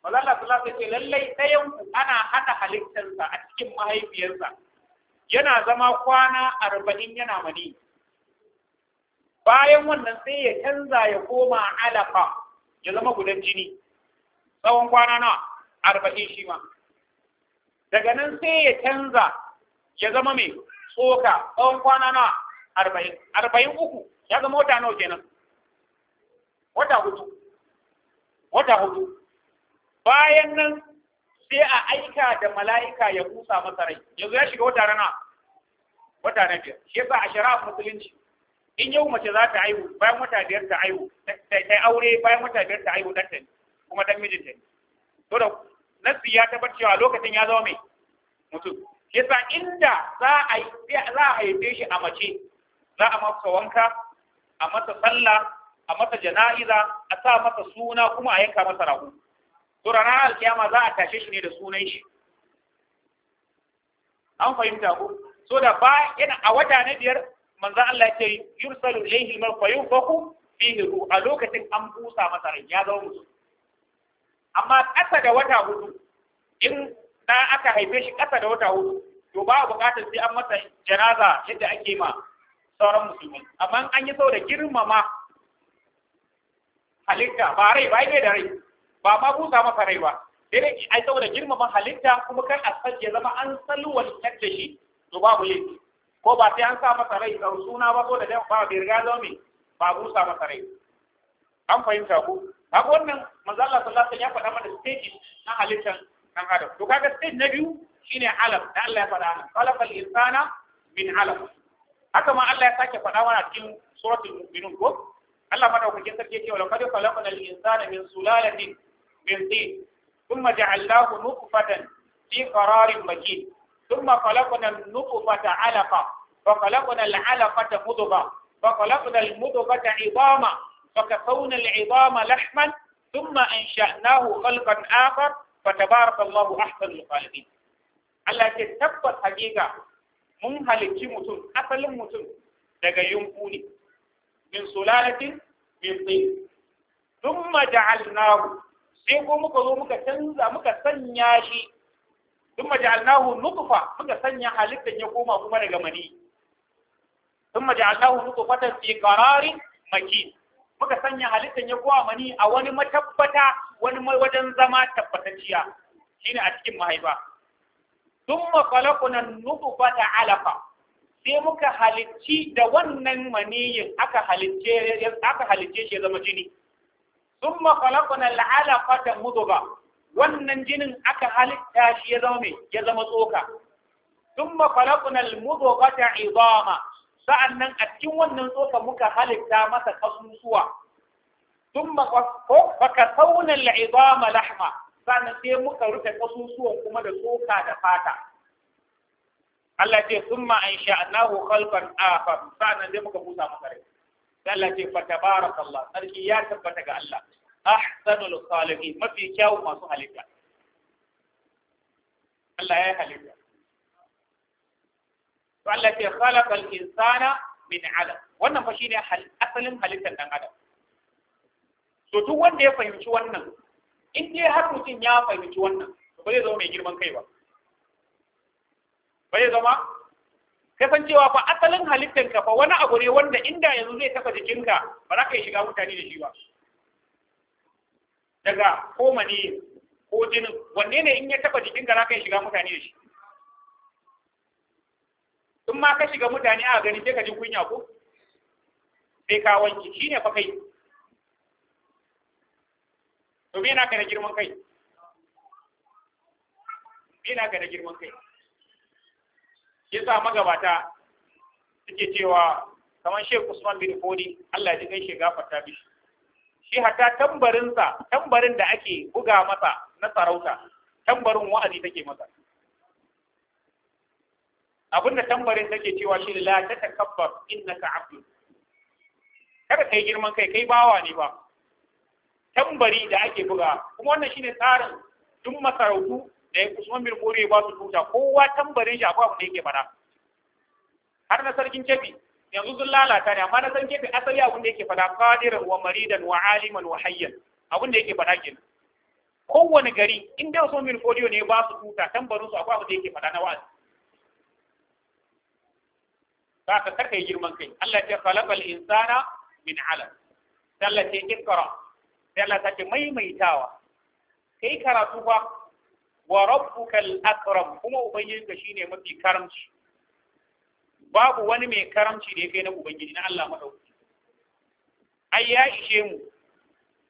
Mazalla su lafi ce lallai ɗayanku ana haɗa halittarsa a cikin mahaifiyarsa, yana zama kwana arba'in yana mani. Bayan wannan sai ya canza ya koma alaka ya zama gudan jini, tsawon kwana nawa. arba'in shi ma daga nan sai ya canza ya zama mai tsoka tsawon kwana na arba'in arba'in uku ya zama wata nawa kenan wata hudu wata hudu bayan nan sai a aika da mala'ika ya kusa masa rai yanzu ya shiga wata rana wata na biyar shi yasa a shari'a musulunci in yau mace za ta haihu bayan wata biyar ta haihu ta aure bayan wata biyar ta haihu ɗanta ne kuma ɗan mijinta ne to da nassi ya tabbatar cewa lokacin ya zama mai mutum yasa inda za a za haife shi a mace za a masa wanka a masa sallah a masa jana'iza a sa masa suna kuma a yanka masa rago to ranar alkiyama za a tashe shi ne da sunan shi an fahimta ko so da ba yana a wata na biyar manzan Allah ya ce yursalu ilayhi al-malku yunfaku fihi a lokacin an busa masa rai ya zama mutum amma ƙasa da wata hudu in da aka haife shi ƙasa da wata hudu to ba buƙatar sai an masa janaza yadda ake ma sauran musulmi amma an yi sau da girmama halitta ba rai ba bai da rai ba ma busa masa rai ba sai dai ai saboda girmama halitta kuma kan asal ya zama an salwantar da shi to mu yi. ko ba sai an sa masa rai sau suna ba ko da dan ba bai riga zo ba busa masa rai an fahimta ku kaga wannan manzo Allah sallallahu alaihi wasallam ya faɗa mana stage na halittar dan adam to kaga stage na biyu shine alam da Allah ya faɗa khalaqal insana min alam haka ma Allah ya sake faɗa mana cikin suratul mu'minun ko Allah madaukakin sarki yake wala qad khalaqnal insana min sulalatin min tin thumma ja'alnahu nutfatan fi qararin makin thumma khalaqna an-nutfata 'alaqa fa khalaqna al-'alaqata mudghah fa khalaqna al-mudghata 'idama فكسونا العظام لحما ثم أنشأناه خلقا آخر فتبارك الله أحسن الخالقين Allah ce tabbas hakika mun halicci mutum asalin mutum daga yunfu ne min sulalatin min tin thumma ja'alnahu sai ko muka zo muka canza muka sanya shi thumma ja'alnahu nutfa muka sanya halittan ya koma kuma daga mani fi muka sanya halittar ya kowa mani a wani matabbata wani wajen zama tabbatacciya shine a cikin mahaifa thumma khalaqna nutfata alafa. sai muka halicci da wannan maniyin aka halicce shi ya zama jini thumma khalaqna al'alaqata mudghah wannan jinin aka halitta shi ya zama mai ya zama tsoka thumma khalaqna al ta 'idama sa'annan a cikin wannan tsoka muka halitta masa ƙasusuwa tun baka sauna al'idama lahma sannan sai muka rufe kasusuwan kuma da tsoka da fata Allah ce sun ma an sha'nahu khalqan akhar sannan sai muka busa masa rai sai Allah ce fa tabarakallah sarki ya tabbata ga Allah ahsanul salihin mafi kyawun masu halitta Allah ya halitta فالتي خلق ce من insana wannan fa shine asalin halittar dan adam to duk wanda ya fahimci wannan in dai har mutum ya fahimci wannan to ba zai zama mai girman kai ba ba zai zama kai san cewa fa asalin halittar ka fa wani abu ne wanda inda yanzu zai taba jikinka ba za ka yi shiga mutane da shi ba daga ko mani ko jinin wanne ne in ya taba jikinka za ka yi shiga mutane da shi in ma ka shiga mutane a gani sai ka ji kunya ko sai ka wanki Shi ne fa kai to me yana ka da girman kai me yana ka da girman kai yasa magabata suke cewa kamar Sheikh Usman bin Fodi Allah ji kai shi fata bi shi hatta tambarinsa tambarin da ake buga masa na sarauta tambarin wa'azi take masa Abin da tambarin take cewa shi la ta takabbar innaka abdu kada kai girman kai kai bawa ne ba tambari da ake buga kuma wannan shine tsarin duk masarautu da ya kusa mir kore ba su tuta kowa tambarin shi akwai abu da yake fara har na sarkin kefi yanzu sun lalata ne amma na sarkin kefi asali abin da yake fara qadiran wa maridan wa aliman wa hayyan abin da yake fara kenan kowane gari inda dai mir bin Fodiyo ne ba su tuta tambarin su akwai abu da yake fara na wa'azi saka karka yi girman kai Allah ce khalaqal insana min alaq Allah ce ikra sai Allah ta ce maimaitawa kai karatu fa wa rabbukal akram kuma ubangijinka shine mafi karamci babu wani mai karamci da ya kai na ubangiji na Allah madauki ai ya ishe mu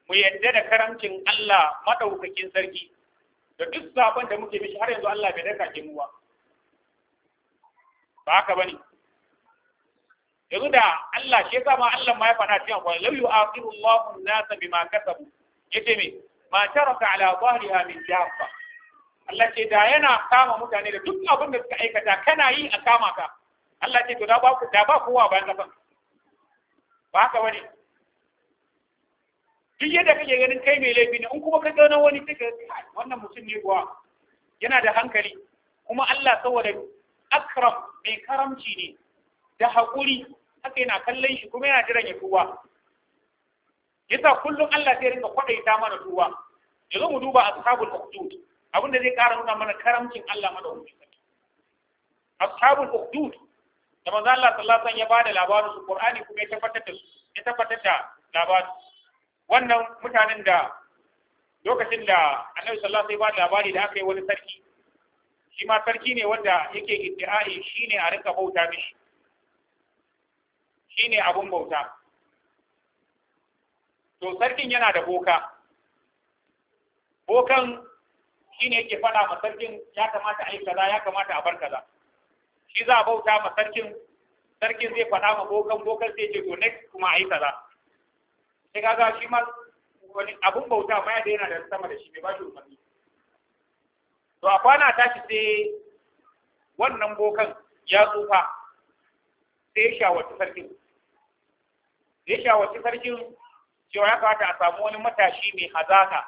mu yadda da karamcin Allah madaukakin sarki da duk sabon da muke mishi har yanzu Allah bai daka mu ba ba haka bane yanzu da Allah shi yasa ma Allah ma ya faɗa cewa wa law yu'akhiru Allahu an-nasa bima kasabu yace me ma taraka ala dhahriha min jaffa Allah ce da yana kama mutane da duk abin da suka aikata kana yi a kama ka Allah ce to da ba ku da ba kowa bayan kasan ba haka wani duk yadda kake ganin kai mai laifi ne in kuma ka gano wani sai ka wannan mutum ne kuwa yana da hankali kuma Allah saboda akram mai karamci ne da haƙuri haka yana kallon shi kuma yana jiran ya tuba yasa kullum Allah sai rinka kwadaita mana tuba yanzu mu duba ashabul ukhdud abinda zai ƙara nuna mana karamcin Allah mana hukunci ashabul ukhdud da manzo Allah sallallahu alaihi wasallam ya bada labarin su Qur'ani kuma ya tabbatar da su ya tabbatar da labarin wannan mutanen da lokacin da Annabi sallallahu alaihi wasallam ya bada labari da aka yi wani sarki shi ma sarki ne wanda yake iddi'ai shine a rinka bauta mishi shine abun bauta to sarkin yana da boka bokan shine yake faɗa ma sarkin ya kamata a yi kaza ya kamata a bar kaza shi za a bauta ma sarkin sarkin zai faɗa ma bokan bokan sai ce to next kuma a yi kaza sai kaga shi ma wani abun bauta ma da yana da sama da shi mai bashi umarni to a kwana tashi sai wannan bokan ya tsufa sai ya shawarci sarkin ya shawarci sarkin cewa ya kamata a samu wani matashi mai hazaka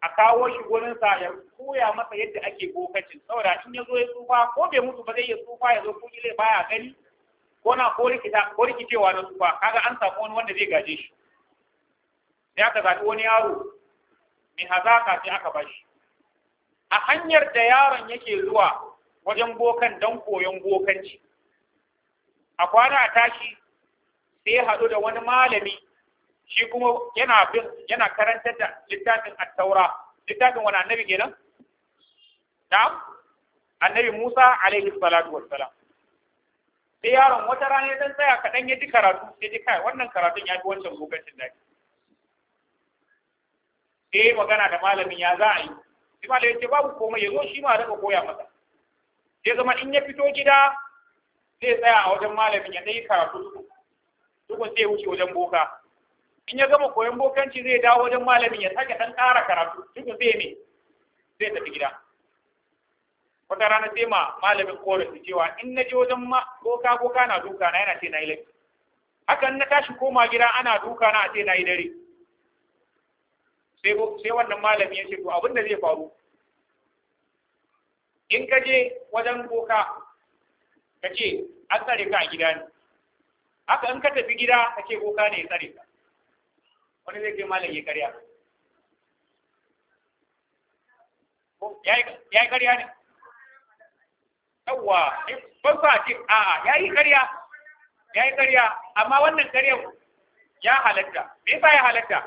a kawo shi gurinsa ya koya masa yadda ake bokacin saboda in ya zo ya tsufa ko bai mutu ba zai iya tsufa ya zo kujile baya gani ko na ko rikicewa na tsufa kaga an samu wani wanda zai gaje shi sai aka zaɓi wani yaro mai hazaka sai aka bashi a hanyar da yaron yake zuwa wajen bokan don koyon bokanci a kwana a tashi sai haɗu da wani malami shi kuma yana bin yana karantar da littafin at-taura littafin wani annabi kenan na'am annabi Musa alaihi salatu wassalam sai yaron wata rana ya dan tsaya kaɗan ya ji karatu sai ji kai wannan karatun ya fi wancan lokacin da sai magana da malamin ya za a yi sai malamin ce babu komai ya zo shi ma daga koya masa sai zama in ya fito gida zai tsaya a wajen malamin ya ɗaya karatu Dukkan sai wuce wajen boka in ya gama koyon bokanci zai dawo wajen malamin ya sake dan ƙara karatu tukun sai ne zai tafi gida wata rana sai ma malamin su cewa in na je wajen boka boka na duka na yana ce na yi laifi hakan na tashi koma gida ana duka na a ce na yi dare sai wannan malamin ya ce to abin da zai faru in ka je wajen boka ka ce an tsare ka a gida ne haka in ka tafi gida ka ce boka ne ya tsare ka wani zai kai malam ya karya ya yi karya ne yawwa eh, ban ba ce a'a ya yi karya ya yi karya amma wannan karyar ya halatta me ba ya halatta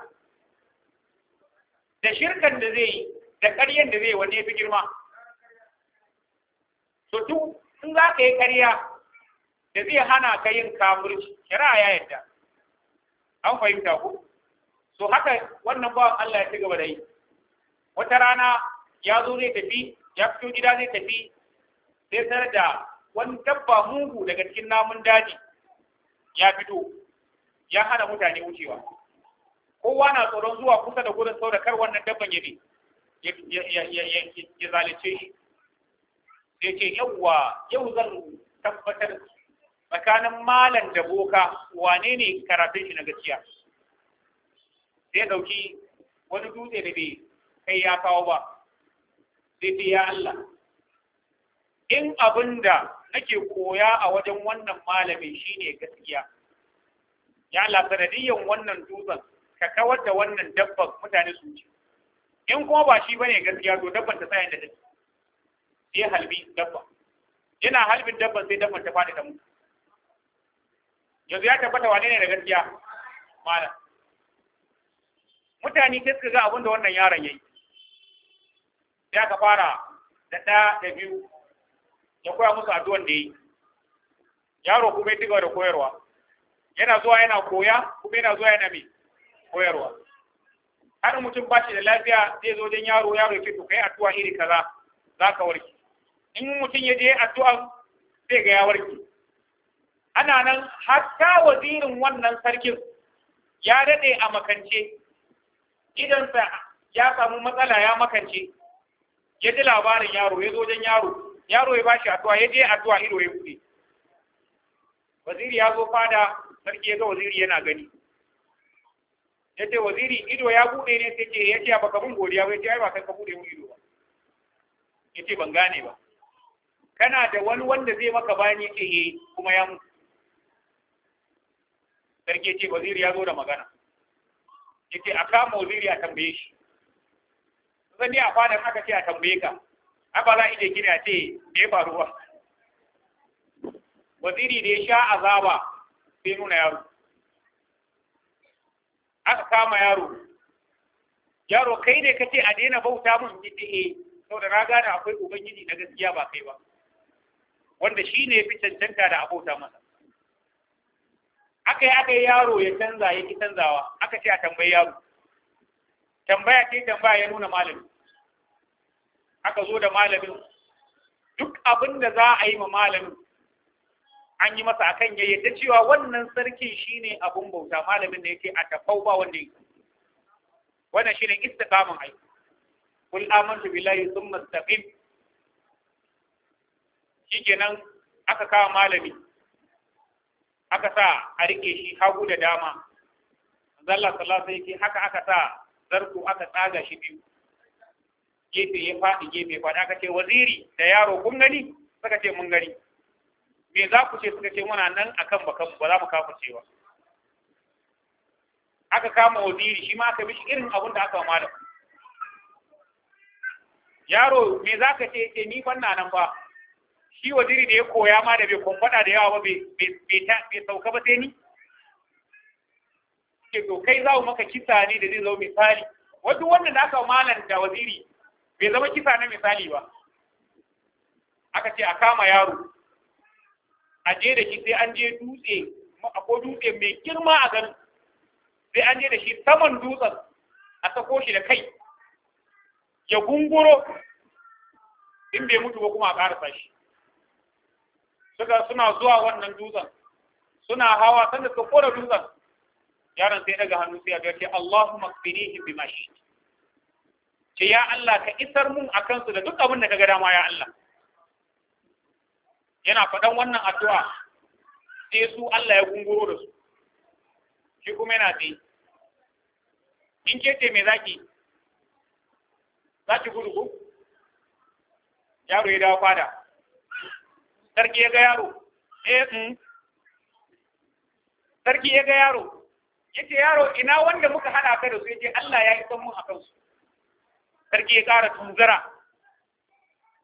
da shirkan da zai yi da karyan da zai wanne fi girma so duk in za ka yi karya da zai hana ka yin kamurci kira ya yarda an fahimta ku so haka wannan ba Allah ya ci gaba da yi wata rana ya zo zai tafi ya fito gida zai tafi sai sanar da wani dabba mugu daga cikin namun daji ya fito ya hana mutane wucewa kowa na tsoron zuwa kusa da gurin saurakar da kar wannan dabban ya bi ya zalice shi ce yau zan tabbatar tsakanin malam da boka wane ne karatun shi na gaskiya zai dauki wani dutse da bai kai ya kawo ba zai fi ya Allah in abin da nake koya a wajen wannan malamin shi ne gaskiya ya Allah sanadiyyan wannan dutsen ka kawar da wannan dabban mutane su ce in kuma ba shi bane gaskiya to dabban ta sayan da take sai halbi dabba. yana halbin dabban sai dabban ta faɗi ta mutu yanzu ya tabbata wane ne da gaskiya malam mutane sai suka ga abin da wannan yaron yayi sai aka fara da ɗaya da biyu ya koya musu addu'an da yi yaro kuma ya cigaba da koyarwa yana zuwa yana koya kuma yana zuwa yana mai koyarwa har mutum ba shi da lafiya zai zo wajen yaro yaro ya ce to kai addu'a iri kaza za ka warke in mutum ya je addu'a zai ga ya warke ana nan hatta wazirin wannan sarkin ya daɗe a makance idansa ya samu matsala ya makance ya ji labarin yaro ya zo wajen yaro yaro ya bashi addu'a ya je addu'a ido ya buɗe waziri ya zo fada sarki ya ga waziri yana gani ya ce waziri ido ya buɗe ne sai ce ya ce baka mun godiya ba ya ce ai ba kai ka buɗe mun ido ba ya ce ban gane ba kana da wani wanda zai maka bayani ya ce eh, kuma ya mutu sarki ce waziri ya zo da magana yace a kama waziri a tambaye shi zan ni a fadan aka ce a tambaye ka a ba za a iya gina ce me ya faru ba waziri da ya sha azaba sai nuna yaro aka kama yaro yaro kai ne kace a daina bauta mun e? Eh, Sau da na gane akwai ubangiji na gaskiya ba kai ba wanda shi ne ya fi cancanta da abota masa aka yi aka yi yaro ya canza ya ki canzawa aka ce a tambayi yaro tambaya ce tambaya ya nuna malami aka zo da malamin duk abin da za a yi ma malamin an yi masa akan ya yadda cewa wannan sarki shine abun bauta malamin da yake a tafau ba wanda yake wannan shine istiqaman ai kul amantu billahi thumma istaqim shikenan aka kawo malami aka sa a rike shi hagu da dama zalla sallallahu alaihi haka aka sa zarku aka tsaga shi biyu gefe ya faɗi gefe faɗi aka ce waziri da yaro kun gani suka ce mun gani me za ku ce suka ce muna nan akan bakan ba za mu kafa cewa aka kama waziri shi ma aka bi irin abin da aka malam yaro me za ka ce ce ni fanna nan ba shi waziri da ya koya ma da bai kwamfada da yawa ba bai sauka ba sai ni ke to kai za maka kisa ne da zai zama misali wata wannan da aka malam da waziri bai zama kisa na misali ba aka ce a kama yaro a je da shi sai an je dutse ko dutse mai girma a gano sai an je da shi saman dutsen a sako shi da kai ya gunguro in bai mutu ba kuma a ƙarasa shi suka suna zuwa wannan dutsen suna hawa sanda suka kora dutsen yaron sai daga hannu sai ya ce Allahumma qfinihi bima shi ce ya Allah ka isar mun akan su da duk abin da ka dama ya Allah yana faɗan wannan addu'a sai su Allah ya gungoro da su shi kuma yana dai in ke ce me zaki zaki gudu ko yaro ya dawo fada sarki ya ga yaro eh mm. sarki ya ga yaro yace yaro ina wanda muka hada ka da su yace Allah ya isan mu akan su sarki ya kara tunzara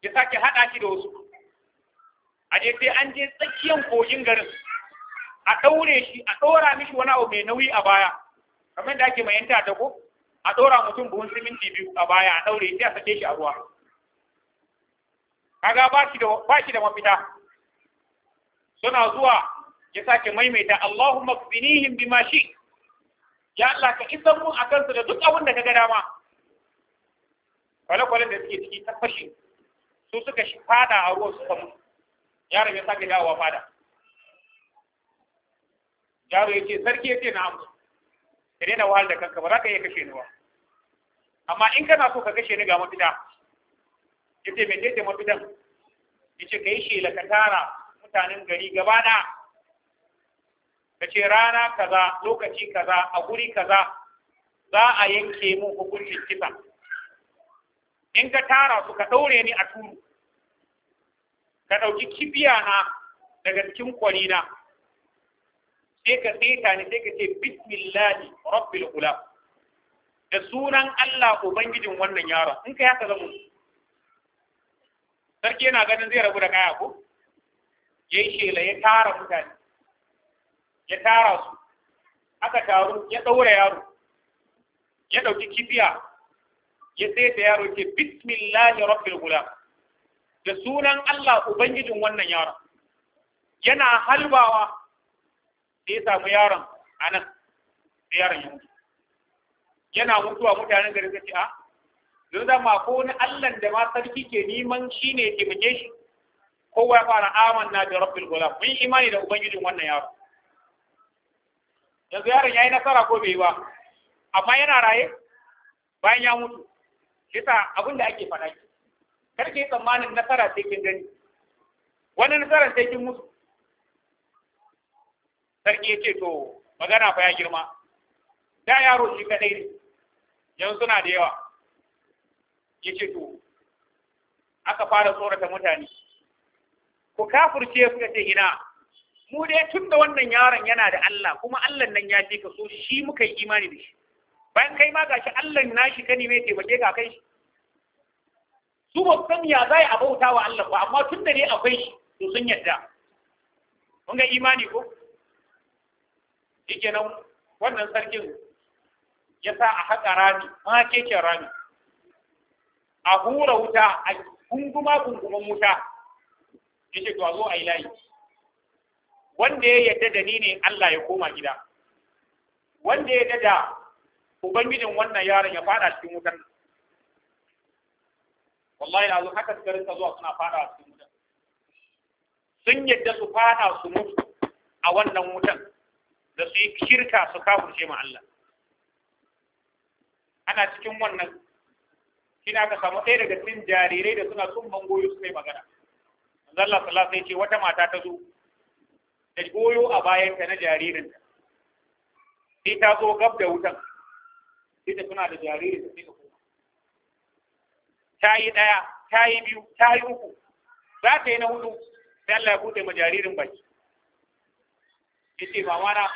ya sake hada shi da wasu a je sai an je tsakiyan kogin garin a daure shi a dora mishi wani abu mai nauyi a baya kamar da ake mai yanta ta ko a dora mutum buhun siminti biyu a baya a daure sai a sake shi a ruwa kaga ba shi da ba shi da mafita suna zuwa ya sake maimaita Allahumma kfinihim bi shi ya Allah ka isan mun akan su da duk abin da ka ga dama kwale-kwalen da suke ciki ta fashe su suka fada a ruwan su mutu yaron ya sake dawowa fada yaro ya ce sarki ya ce na amsa ka daina wahal da kanka ba za ka iya kashe ni ba amma in kana so ka kashe ni ga mafita ya ce mai ce mafitan ya ce ka yi shi ka tara mutanen gari gaba da ka ce rana kaza lokaci kaza a guri kaza za a yanke mu hukuncin kisa in ka tara su ka ɗaure ni a turu ka ɗauki kibiya na daga cikin kwarina sai ka tseta ni sai ka ce bismillahi rabbil kula. da sunan Allah ubangijin wannan yaron in ka yaka zamu sarki yana ganin zai rabu da kaya ko ya yi shela ya tara mutane ya tara su aka taru ya daura yaro ya ɗauki kifiya ya sai da yaro ke bismillahi rabbil gulam da sunan Allah ubangijin wannan yaron yana halbawa sai ya samu yaron a nan sai yaron ya mutu yana mutuwa mutanen gari suka ce a don zama ko wani Allah da ma sarki ke neman shi ne ya taimake shi kowa ya fara na bi rabbil gulam mun imani da ubangijin wannan yaro yanzu yaron yayi nasara ko bai ba amma yana raye bayan ya mutu kisa abin da ake faɗa kar ki tsammanin nasara sai kin gani wani nasara sai kin mutu sarki ya to magana fa ya girma da yaro shi kadai ne yanzu suna da yawa ya to aka fara tsorata mutane ku kafurce ku ce ina mu dai tun da wannan yaron yana da Allah kuma Allah nan ya fi ka so shi muka yi imani da shi bayan kai ma gashi Allah shi ka ne taimake ka kai su ba san ya za a bauta wa Allah ba amma tun da ne akwai shi to sun yadda mun ga imani ko shikenan wannan sarkin ya sa a haƙa rami ma keken rami a hura wuta a gunguma gunguman wuta yace to a zo a yi layi wanda ya yadda da ni ne Allah ya koma gida wanda ya yadda ubangijin wannan yaron ya fada cikin wutar nan wallahi na haka suka rinka zuwa suna fada cikin wutar sun yadda su fada su mutu a wannan wutan da su yi shirka su kafurce ma Allah ana cikin wannan shi ka samu ɗaya daga cikin jarirai da suna sun bangoyi su kai magana Allah sallallahu sai ce wata mata ta zo da goyo a bayan ta na jaririn ta sai ta zo gab da wutan sai ta suna da jaririn ta sai ka koma ta yi ɗaya ta yi biyu ta yi uku za ta yi na hudu sai Allah ya bude ma jaririn baki yace ba na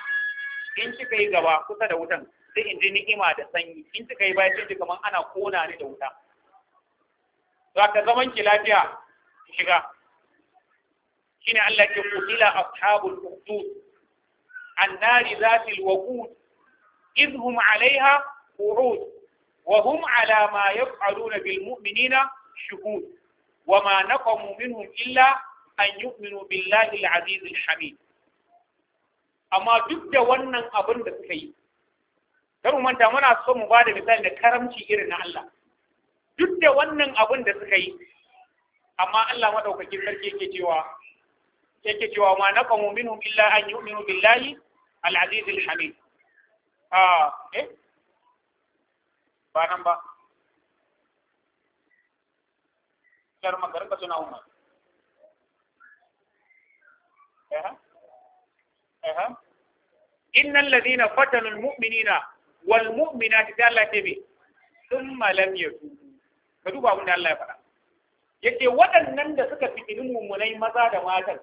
in kika yi gaba kusa da wutan sai in ji ni'ima da sanyi in kika yi bayan sai kaman ana kona ni da wuta za ka zaman ki lafiya ki shiga shine Allah ke kutila ashabul ukhdud annari zatil waqud idhum alaiha qurud wa hum ala ma yaf'aluna bil mu'minina shuhud wa ma naqamu minhum illa an yu'minu billahi al-aziz al-hamid amma duk da wannan abin da suka yi kar mu manta muna so mu bada misali da karamci irin na Allah duk da wannan abin da suka yi amma Allah madaukakin sarki yake cewa yake cewa ma naqamu minhum illa an yu'minu billahi al hamid ah, eh ba nan ba kar magarka suna umma eh wal da Allah ta bi thumma lam yatubu ka duba abin da Allah ya faɗa yace waɗannan da suka fitini mummunai maza da matar.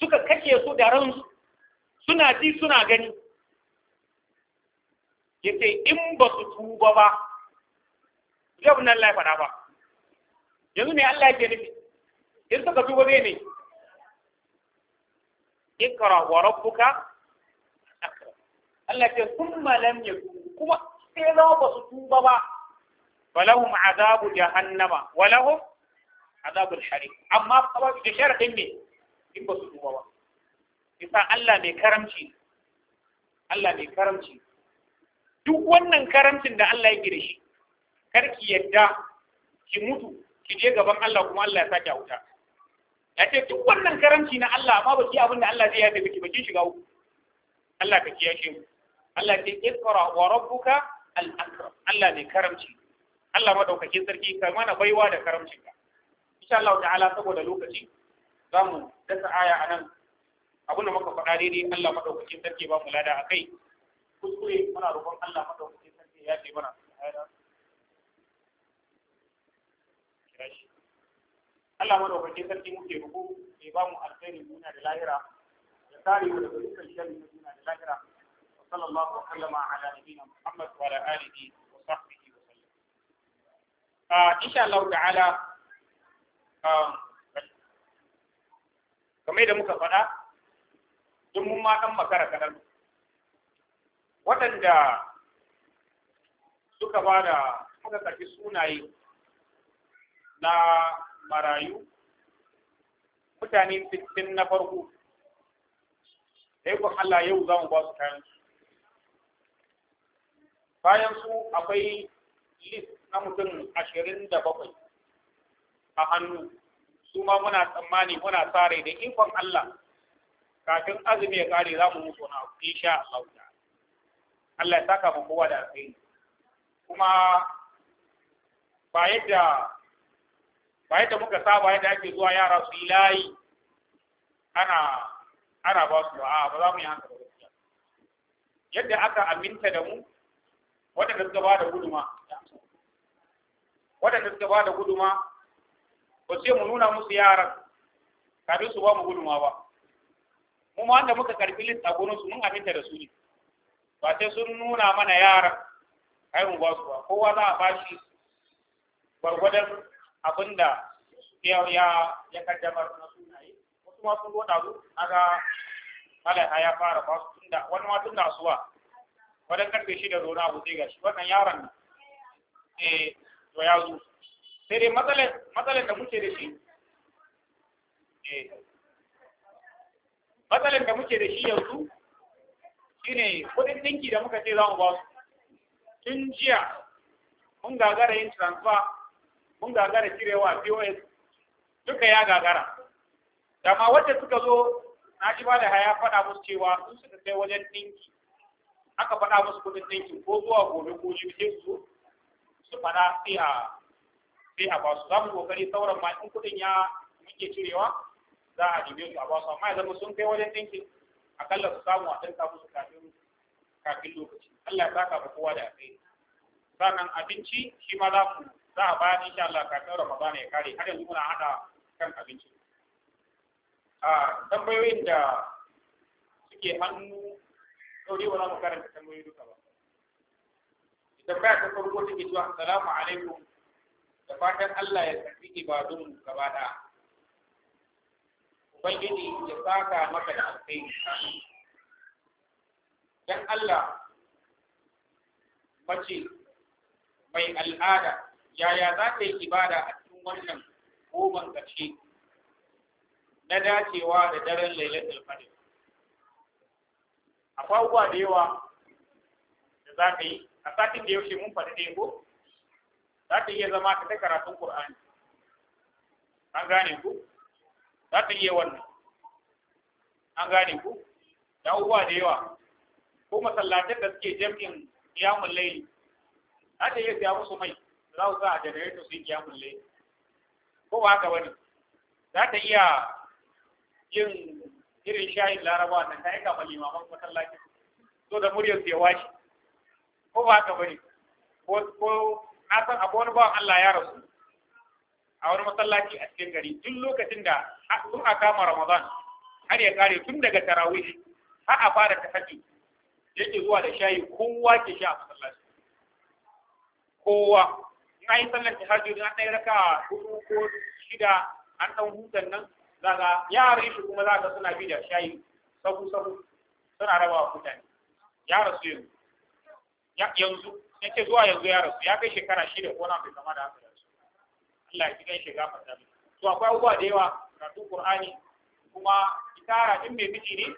suka kashe su da ransu suna ji suna gani yace in ba su tuba ba jabin Allah ya faɗa ba yanzu me Allah yake nufi in suka tuba zai ne ikra wa rabbuka Allah ce kuma lam ya kuma sai zama ba su tuba ba falahum azabu jahannama walahum azabul harim amma da sharadin ne in ba su tuba ba isa Allah mai karamci Allah mai karamci duk wannan karamcin da Allah yake da shi kar ki yadda ki mutu ki je gaban Allah kuma Allah ya sake a ya ce duk wannan karamci na Allah amma ba ki abin da Allah zai yafe miki ba kin shiga uku Allah ka kiyashe mu Allah ce iqra wa rabbuka al-akram Allah mai karamci Allah madaukakin sarki ka mana baiwa da ka. insha Allah ta'ala saboda lokaci za mu dasa aya a nan abin da muka faɗa daidai Allah maɗaukacin sarki ba mu lada a kai kuskure muna roƙon Allah maɗaukacin sarki ya ce mana Allah maɗaukacin sarki muke roƙo ya ba mu alkhairi muna da lahira ya tsari mu daga dukkan shari'a da muna da lahira wa sallallahu wasallama ala nabiyina Muhammad wa ala alihi wa sahbihi wa sallam ah, insha Allah ta'ala um, kamar da muka faɗa duk mun ma makara kaɗan waɗanda suka ba da muka karfi sunaye na marayu mutane sittin na farko sai ku Allah yau za mu ba su kayan su bayan su akwai list na mutum ashirin da bakwai a hannu su ma muna tsammani muna sare da ikon Allah kafin azumi ya kare za mu mutu na insha Allah ta Allah ya saka mu kowa da alkhairi kuma ba yadda ba yadda muka saba yadda ake zuwa yara su layi ana ana ba su a ba za mu yi haka ba gaskiya yadda aka aminta da mu wadanda suka ba da guduma wadanda suka ba da guduma ko sai mu nuna musu yaran kafin su ba mu gudunma ba mu ma wanda muka karbi list a su mun aminta da su ne ba sai sun nuna mana yaran ai mu ba su ba kowa za a bashi gwargwadon abin da ya ya kaddamar na sunaye wasu ma sun zo ɗazu ga malaka ya fara ba su tunda wani ma tunda asuwa wadan karfe shida zo na abu zai gashi wannan yaron eh to ya zo sai dai da muke da shi eh, matsalar da muke da shi yanzu shine kudin dinki da muka ce za mu ba su tun jiya mun gagara yin transfer mun gagara cirewa pos duka ya gagara dama wacce suka zo na ji ba da haya fada musu cewa sun suka kai wajen dinki aka fada musu kudin dinki ko zuwa gobe ko jibi su fada faɗa sai a sai a basu za mu kokari sauran ma in kudin ya muke cirewa za a dibe su a basu amma ya zama sun kai wajen ɗinkin akalla su samu a dinka musu kafin kafin lokaci Allah ya saka ba kowa da kai sannan abinci shi ma za ku za a bayar insha Allah kafin Ramadan ya kare har yanzu muna hada kan abinci a tambayoyin da suke hannu sauri ba za mu karanta tambayoyi duka ba tambaya ta farko take cewa assalamu alaikum da fatan Allah ya karbi ibadun gaba da ubangiji ya saka maka da alkhairi dan Allah mace mai al'ada yaya za ta yi ibada a cikin wannan goban ƙarshe na dacewa da daren lailatul qadr akwai abubuwa da yawa da za ka yi a satin da yaushe mun faɗi ɗaya ko za ta iya zama ta ta karatun Qur'ani an gane ku za ta iya wannan an gane ku da uwa da yawa ko masallatan da suke jam'in qiyamul layl za ta iya siya musu mai za su sa a generator su yi qiyamul layl ko ba haka bane za ta iya yin irin shayin laraba nan ta aika ma limaman masallacin so da muryar su ya washe ko ba haka bane ko na san abu wani bawan Allah ya rasu a wani masallaci a cikin gari tun lokacin da sun a kama Ramadan har ya kare tun daga tarawih har a fara haji yake zuwa da shayi kowa ke sha a masallaci kowa in yi sallar tahajjud an ɗaya raka hudu ko shida an ɗan hutun nan zaga yaran shi kuma zaga suna bi da shayi sabu sabu suna rabawa mutane ya rasu yanzu ce zuwa yanzu ya rasu ya kai shekara shida ko na bai kama da haka yanzu Allah ya kidan shiga fata to akwai abubuwa da yawa karatu Qur'ani kuma kitara din mai miji ne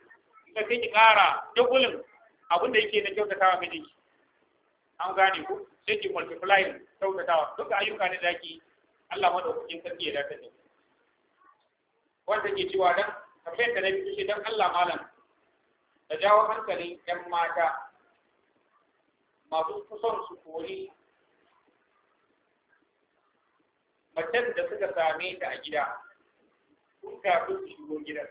ita sai ki kara dubulin abin da yake na kyautata wa mijinki an gane ku sai ki multiply kyautatawa duka ayyuka ne da ki Allah madaukakin sarki ya dace da wanda ke cewa dan kafin da na biyu dan Allah malam da jawo hankalin yan mata masu kusan su kori macen da suka same ta a gida sun kafin su shigo gidan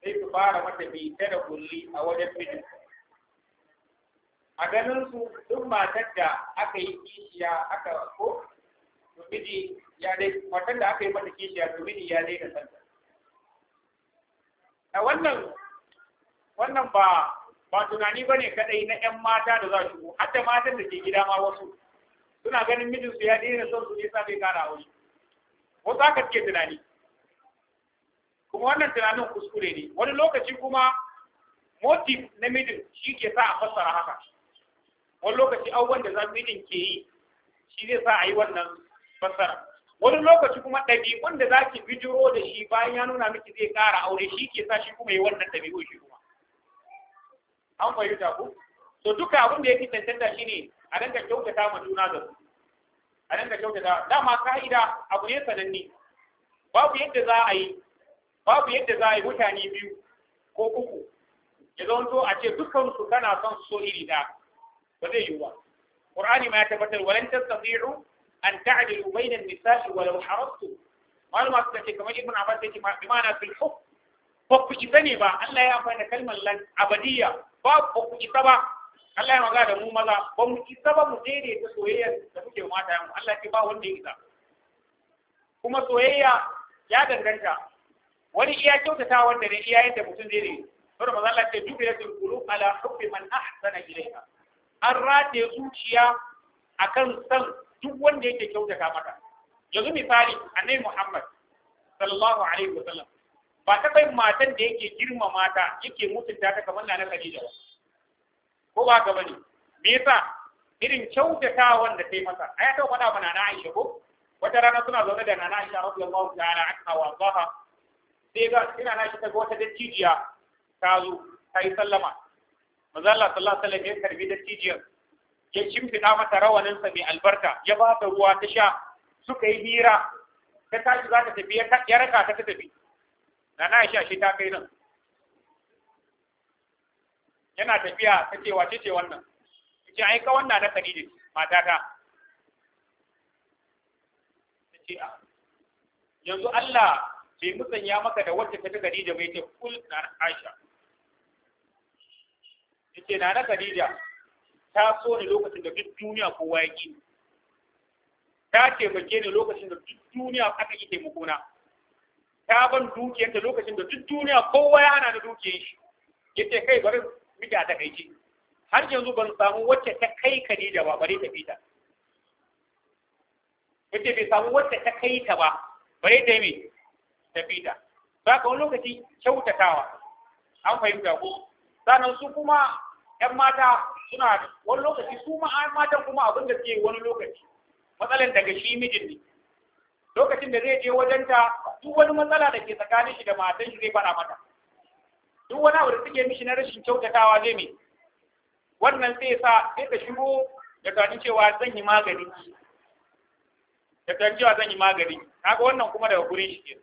sai su fara mata bita da kulli a wajen mijin a ganin su duk matar da aka yi kishiya aka ko to fiji ya dai matar da aka yi mata kishiya to fiji ya dai da santa a wannan wannan ba ba tunani ba ne kadai na 'yan mata da za shigo har da matan da ke gida ma wasu suna ganin mijinsu ya daina son su nisa bai kara aure wasu ka suke tunani kuma wannan tunanin kuskure ne wani lokaci kuma motif na mijin shi ke sa a fassara haka wani lokaci abubuwan da za mijin ke yi shi zai sa a yi wannan fassara wani lokaci kuma ɗabi'un da za ki bijiro da shi bayan ya nuna miki zai ƙara aure shi ke sa shi kuma yi wannan ɗabi'un shi kuma an fahimta ku to duka abin da yake tantanta shine a danka kyautata ma juna da su a danka kyautata dama ka'ida abu ne sananne babu yadda za a yi babu yadda za a yi mutane biyu ko uku ya zonto a ce dukkan su kana son so iri da ba zai yiwu ba qur'ani ma ya tabbatar walan tastati'u an ta'dilu bainan nisa'i walau harastu malama suka ce kamar ibn abbas yake bi ma'ana fil hukm ba ku isa ne ba Allah ya amfani da kalmar lan abadiyya ba ku isa ba Allah ya maga da mu maza ba mu isa ba mu daidaita soyayya da muke mata yamu Allah ya ce ba wanda ya isa kuma soyayya ya danganta wani iya kyautata wanda ne iya yadda mutum zai ne saboda maza Allah ce dubi da qulub ala hubbi man ahsana ilayha an rataye zuciya akan san duk wanda yake kyautata mata yanzu misali annabi Muhammad sallallahu alaihi wasallam ba ta kai matan da yake girma mata yake mutunta ta kamar na Khadija ba ko ba ka bane me yasa irin kyautatawan da ta yi masa ai ta faɗa mana na Aisha ko wata rana suna zaune da Nana Aisha radiyallahu ta'ala anha wa zaha sai ga ina na shi ta ga wata dattijiya ta zo ta yi sallama manzo Allah sallallahu alaihi wasallam ya karbi dattijiyar ya cimfina mata rawaninsa mai albarka ya ba ta ruwa ta sha suka yi hira ta tashi za ta tafi ya raka ta tafi Dana ya Aisha shi ta kai nan yana tafiya ta ce wace ce wannan ce ai ka wannan na ne mata ta ce a ah, yanzu Allah bai musanya maka da wacce ta fi da mai ce kul na Aisha yace na na Khadija ta so ni lokacin da duk duniya kowa ya ki ta taimake ni lokacin da duk duniya aka yi taimako na ta ban ta lokacin da duk duniya kowa ya hana da dukiyar shi yace kai bari ta a takaici har yanzu ban samu wacce ta kai da ba bare ta fita yace bai samu wacce ta kai ta ba bare ta me ta fita saka wani lokaci kyautatawa an fahimta ko sannan su kuma ƴan mata suna wani lokaci su ma ƴan matan kuma abin da suke wani lokaci matsalan daga shi mijin ne lokacin da zai je wajenta duk wani matsala da ke tsakanin shi da matan shi zai fara mata duk wani abu da suke mishi na rashin kyautatawa zai mai wannan zai sa sai ta shigo da tunanin cewa zan yi magani da tunanin cewa zan yi magani kaga wannan kuma daga gurin shi ke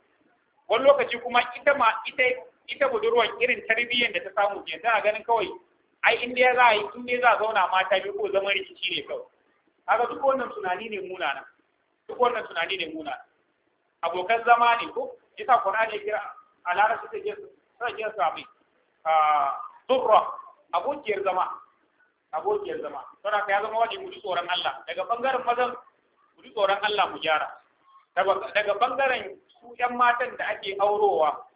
wani lokaci kuma ita ma ita ita budurwar irin tarbiyyar da ta samu ke tana ganin kawai ai inda ya za a yi inda ya za a zauna mata biyu ko zama rikici ne kawai kaga duk wannan tunani ne munana duk wannan tunani ne muna abokan zama ne ko yasa qur'ani kira a lara su kira sai kira sami a durra abokiyar zama abokiyar zama tana haka ya zama wani mu ji tsoron Allah daga bangaren mazan mu ji tsoron Allah mu gyara daga bangaren su ƴan matan da ake aurowa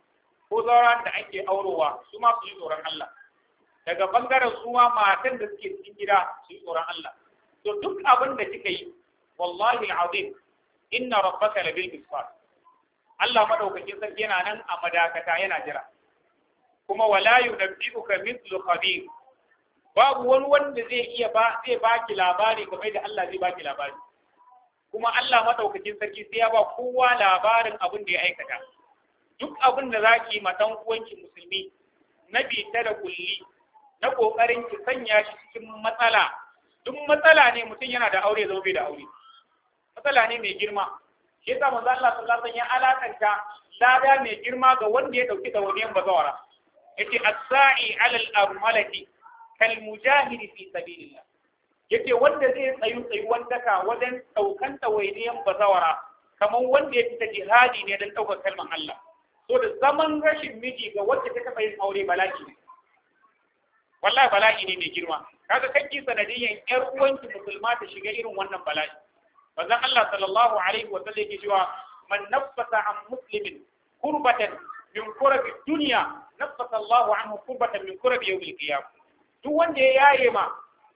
ko zaura da ake aurowa su ma su ji tsoron Allah daga bangaren su ma matan da suke cikin gida su yi tsoron Allah to duk abin da kika yi wallahi al'azim inna rabbaka labil misfar Allah madaukakin sarki yana nan a madakata yana jira kuma wala yunabbi'uka mithlu babu wani wanda zai iya ba zai baki labari game da Allah zai baki labari kuma Allah madaukakin sarki sai ya ba kowa labarin abin da ya aikata duk abin da zaki matan uwanki musulmi na bita da kulli na kokarin ki sanya shi cikin matsala duk matsala ne mutum yana da aure zama bai da aure matsala ne mai girma shi yasa manzo Allah sallallahu alaihi wasallam ya alakanta lada mai girma ga wanda ya dauki dawaniyan bazawara yace as-sa'i 'ala al-armalati kal mujahid fi sabilillah yace wanda zai tsayu tsayuwan daka wajen daukan dawaniyan bazawara kamar wanda ya fita jihadi ne don ɗaukar kalmar Allah so da zaman rashin miji ga wanda ta taɓa yin aure bala'i ne wallahi bala'i ne mai girma kaga kakki sanadiyyan yar uwanki musulma ta shiga irin wannan bala'i manzon Allah sallallahu alaihi wa sallam yake cewa man nafasa an muslimin kurbatan min kurabi dunya nafasa Allahu anhu kurbatan min kurabi yawmil qiyamah duk wanda ya yaye ma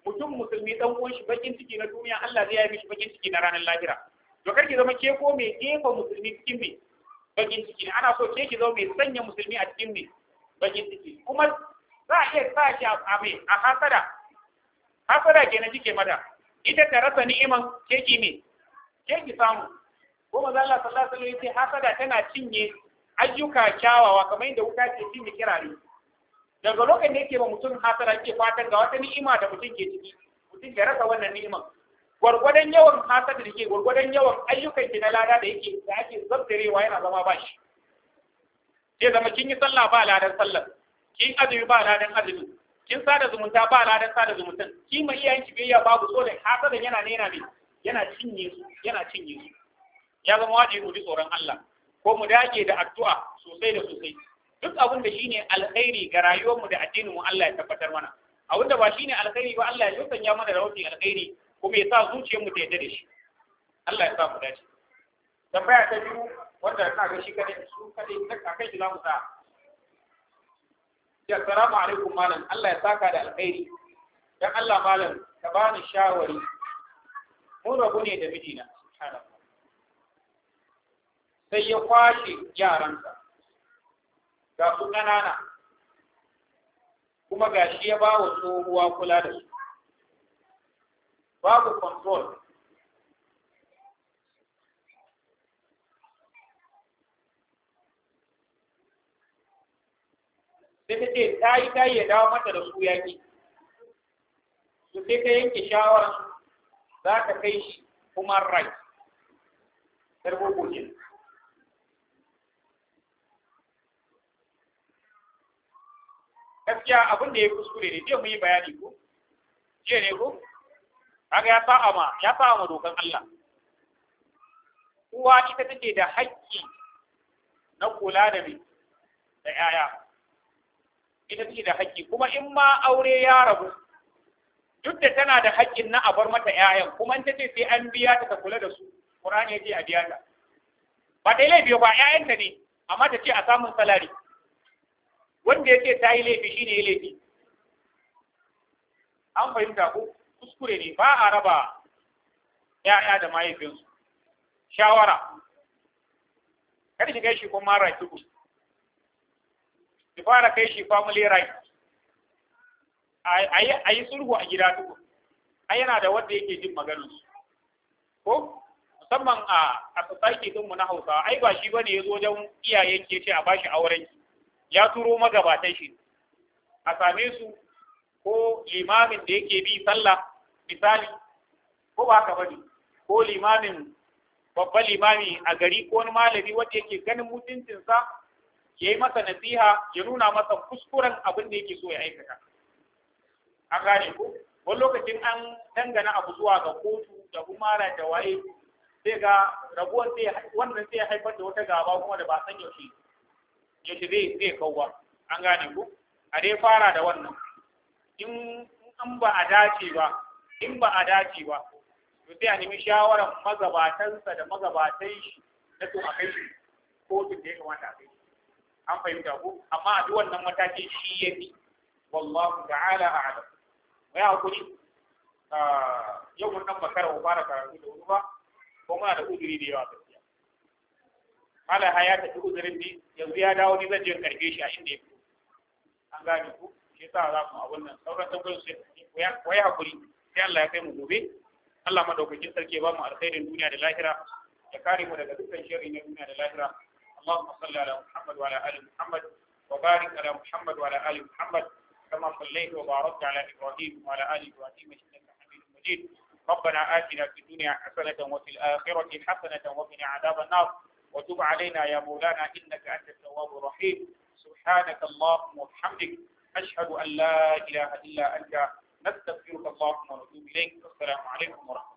mutum musulmi dan uwan shi bakin ciki na duniya Allah zai yaye mishi bakin ciki na ranar lahira to karki zama ke ko mai gefa musulmi cikin me bakin ciki ana so ke ki zama mai sanya musulmi a cikin me bakin ciki kuma za a iya sa shi a me a hasada hasada kenan kike mada ita ta rasa ni'iman ke ki ne sai ki samu ko manzo Allah sallallahu alaihi wasallam yace hasada tana cinye ayyuka kyawawa kamar yadda wuta ke cinye kirare daga lokacin da yake ba mutum hasada yake fatan ga wata ni'ima da mutum ke ciki mutum ya rasa wannan ni'iman gwargwadon yawan hasada da ke gwargwadon yawan ayyukan ki na lada da yake da ake zabtarewa yana zama ba shi sai zama kin yi sallah ba ladan sallar kin azumi ba ladan azumin kin sada zumunta ba ladan sada zumuntan kin mai iyayen ki babu so da hasada yana yana ne yana cinye su yana cinye su ya zama wajibi mu tsoron Allah ko mu dage da addu'a sosai da sosai duk abin da shine alkhairi ga mu da addinin mu Allah ya tabbatar mana abin da ba shine alkhairi ba Allah ya sanya mana da wani alkhairi kuma ya sa zuciyarmu ta yadda da shi Allah ya sa mu dace tambaya ta biyu wanda ina ga shi kadai su kadai ka kai shi zamu sa ya assalamu alaikum malam Allah ya saka da alkhairi dan Allah malam ka bani shawari mun rabu ne da mijina sai ya kwashe yaransa ga su ƙanana kuma ga shi ya ba wa tsohuwa kula da su babu control sai ta ce ta yi ta yi ya dawo mata da su yaƙi su sai ta yanke shawarar za ka kai shi human right yar ne gaskiya abin da ya kuskure ne zai mu yi bayani ko jiya ne ko haka ya sa ama ya sa ma dokan Allah uwa ita take da haƙƙi na kula da mai da 'ya'ya ita take da haƙƙi kuma in ma aure ya rabu duk da tana da haƙƙin na a bar mata 'ya'yan kuma in tace ce sai an biya ta ta kula da su Qur'ani ya ce a biya ta ba dai laifi ba ta ne amma ta ce a samun salari wanda ya ce ta yi laifi shine ya laifi an fahimta ko kuskure ne ba a raba ƴaƴa da mahaifinsu shawara kada kai shi kuma right to ki fara kai shi family right a yi sulhu a gida duk ai yana da wanda yake jin maganar su ko musamman a a society din mu na Hausa ai ba shi bane yazo wajen iyayen ke ce a bashi auren ya turo magabatan shi a same su ko limamin da yake bi sallah misali ko ba ka bane ko limamin babban limami a gari ko wani malami wanda yake ganin mutuncinsa ya yi masa nasiha ya nuna masa kuskuren abin da yake so ya aikata an gane ko wani lokacin an dangana abu zuwa ga kotu da kuma da waye sai ga raguwar sai wannan sai haifar da wata gaba kuma da ba san yaushe yaushe zai zai kau ba an gane ko a dai fara da wannan in an ba a dace ba in ba a dace ba to sai a nemi shawarar magabatansa da magabatan shi na to a kai shi kotun da ya kamata a kai an fahimta ko amma a duk wannan matakin shi ya fi wallahu ta'ala a'lam mai hakuri ah, yau mun nan makara mu fara karatu da wuri ba ko muna da uzuri da yawa gaskiya mala ha ya tafi uzurin ni yanzu ya dawo ni zan je karfe shi a inda ya fito an gane ku shi yasa za mu abun nan sauran tambayoyin sai ku yi hakuri sai Allah ya kai mu gobe Allah madaukakin sarki ya ba mu alkhairin duniya da lahira ya kare mu daga dukkan sharri na duniya da lahira اللهم صل على محمد وعلى ال محمد وبارك على محمد وعلى ال محمد كما صليت وباركت على إبراهيم وعلى آل إبراهيم إنك حميد مجيد ربنا آتنا في الدنيا حسنة وفي الآخرة حسنة وقنا عذاب النار وتب علينا يا مولانا إنك أنت التواب الرحيم سبحانك اللهم وبحمدك أشهد أن لا إله إلا أنت نستغفرك اللهم ونتوب إليك والسلام عليكم ورحمة الله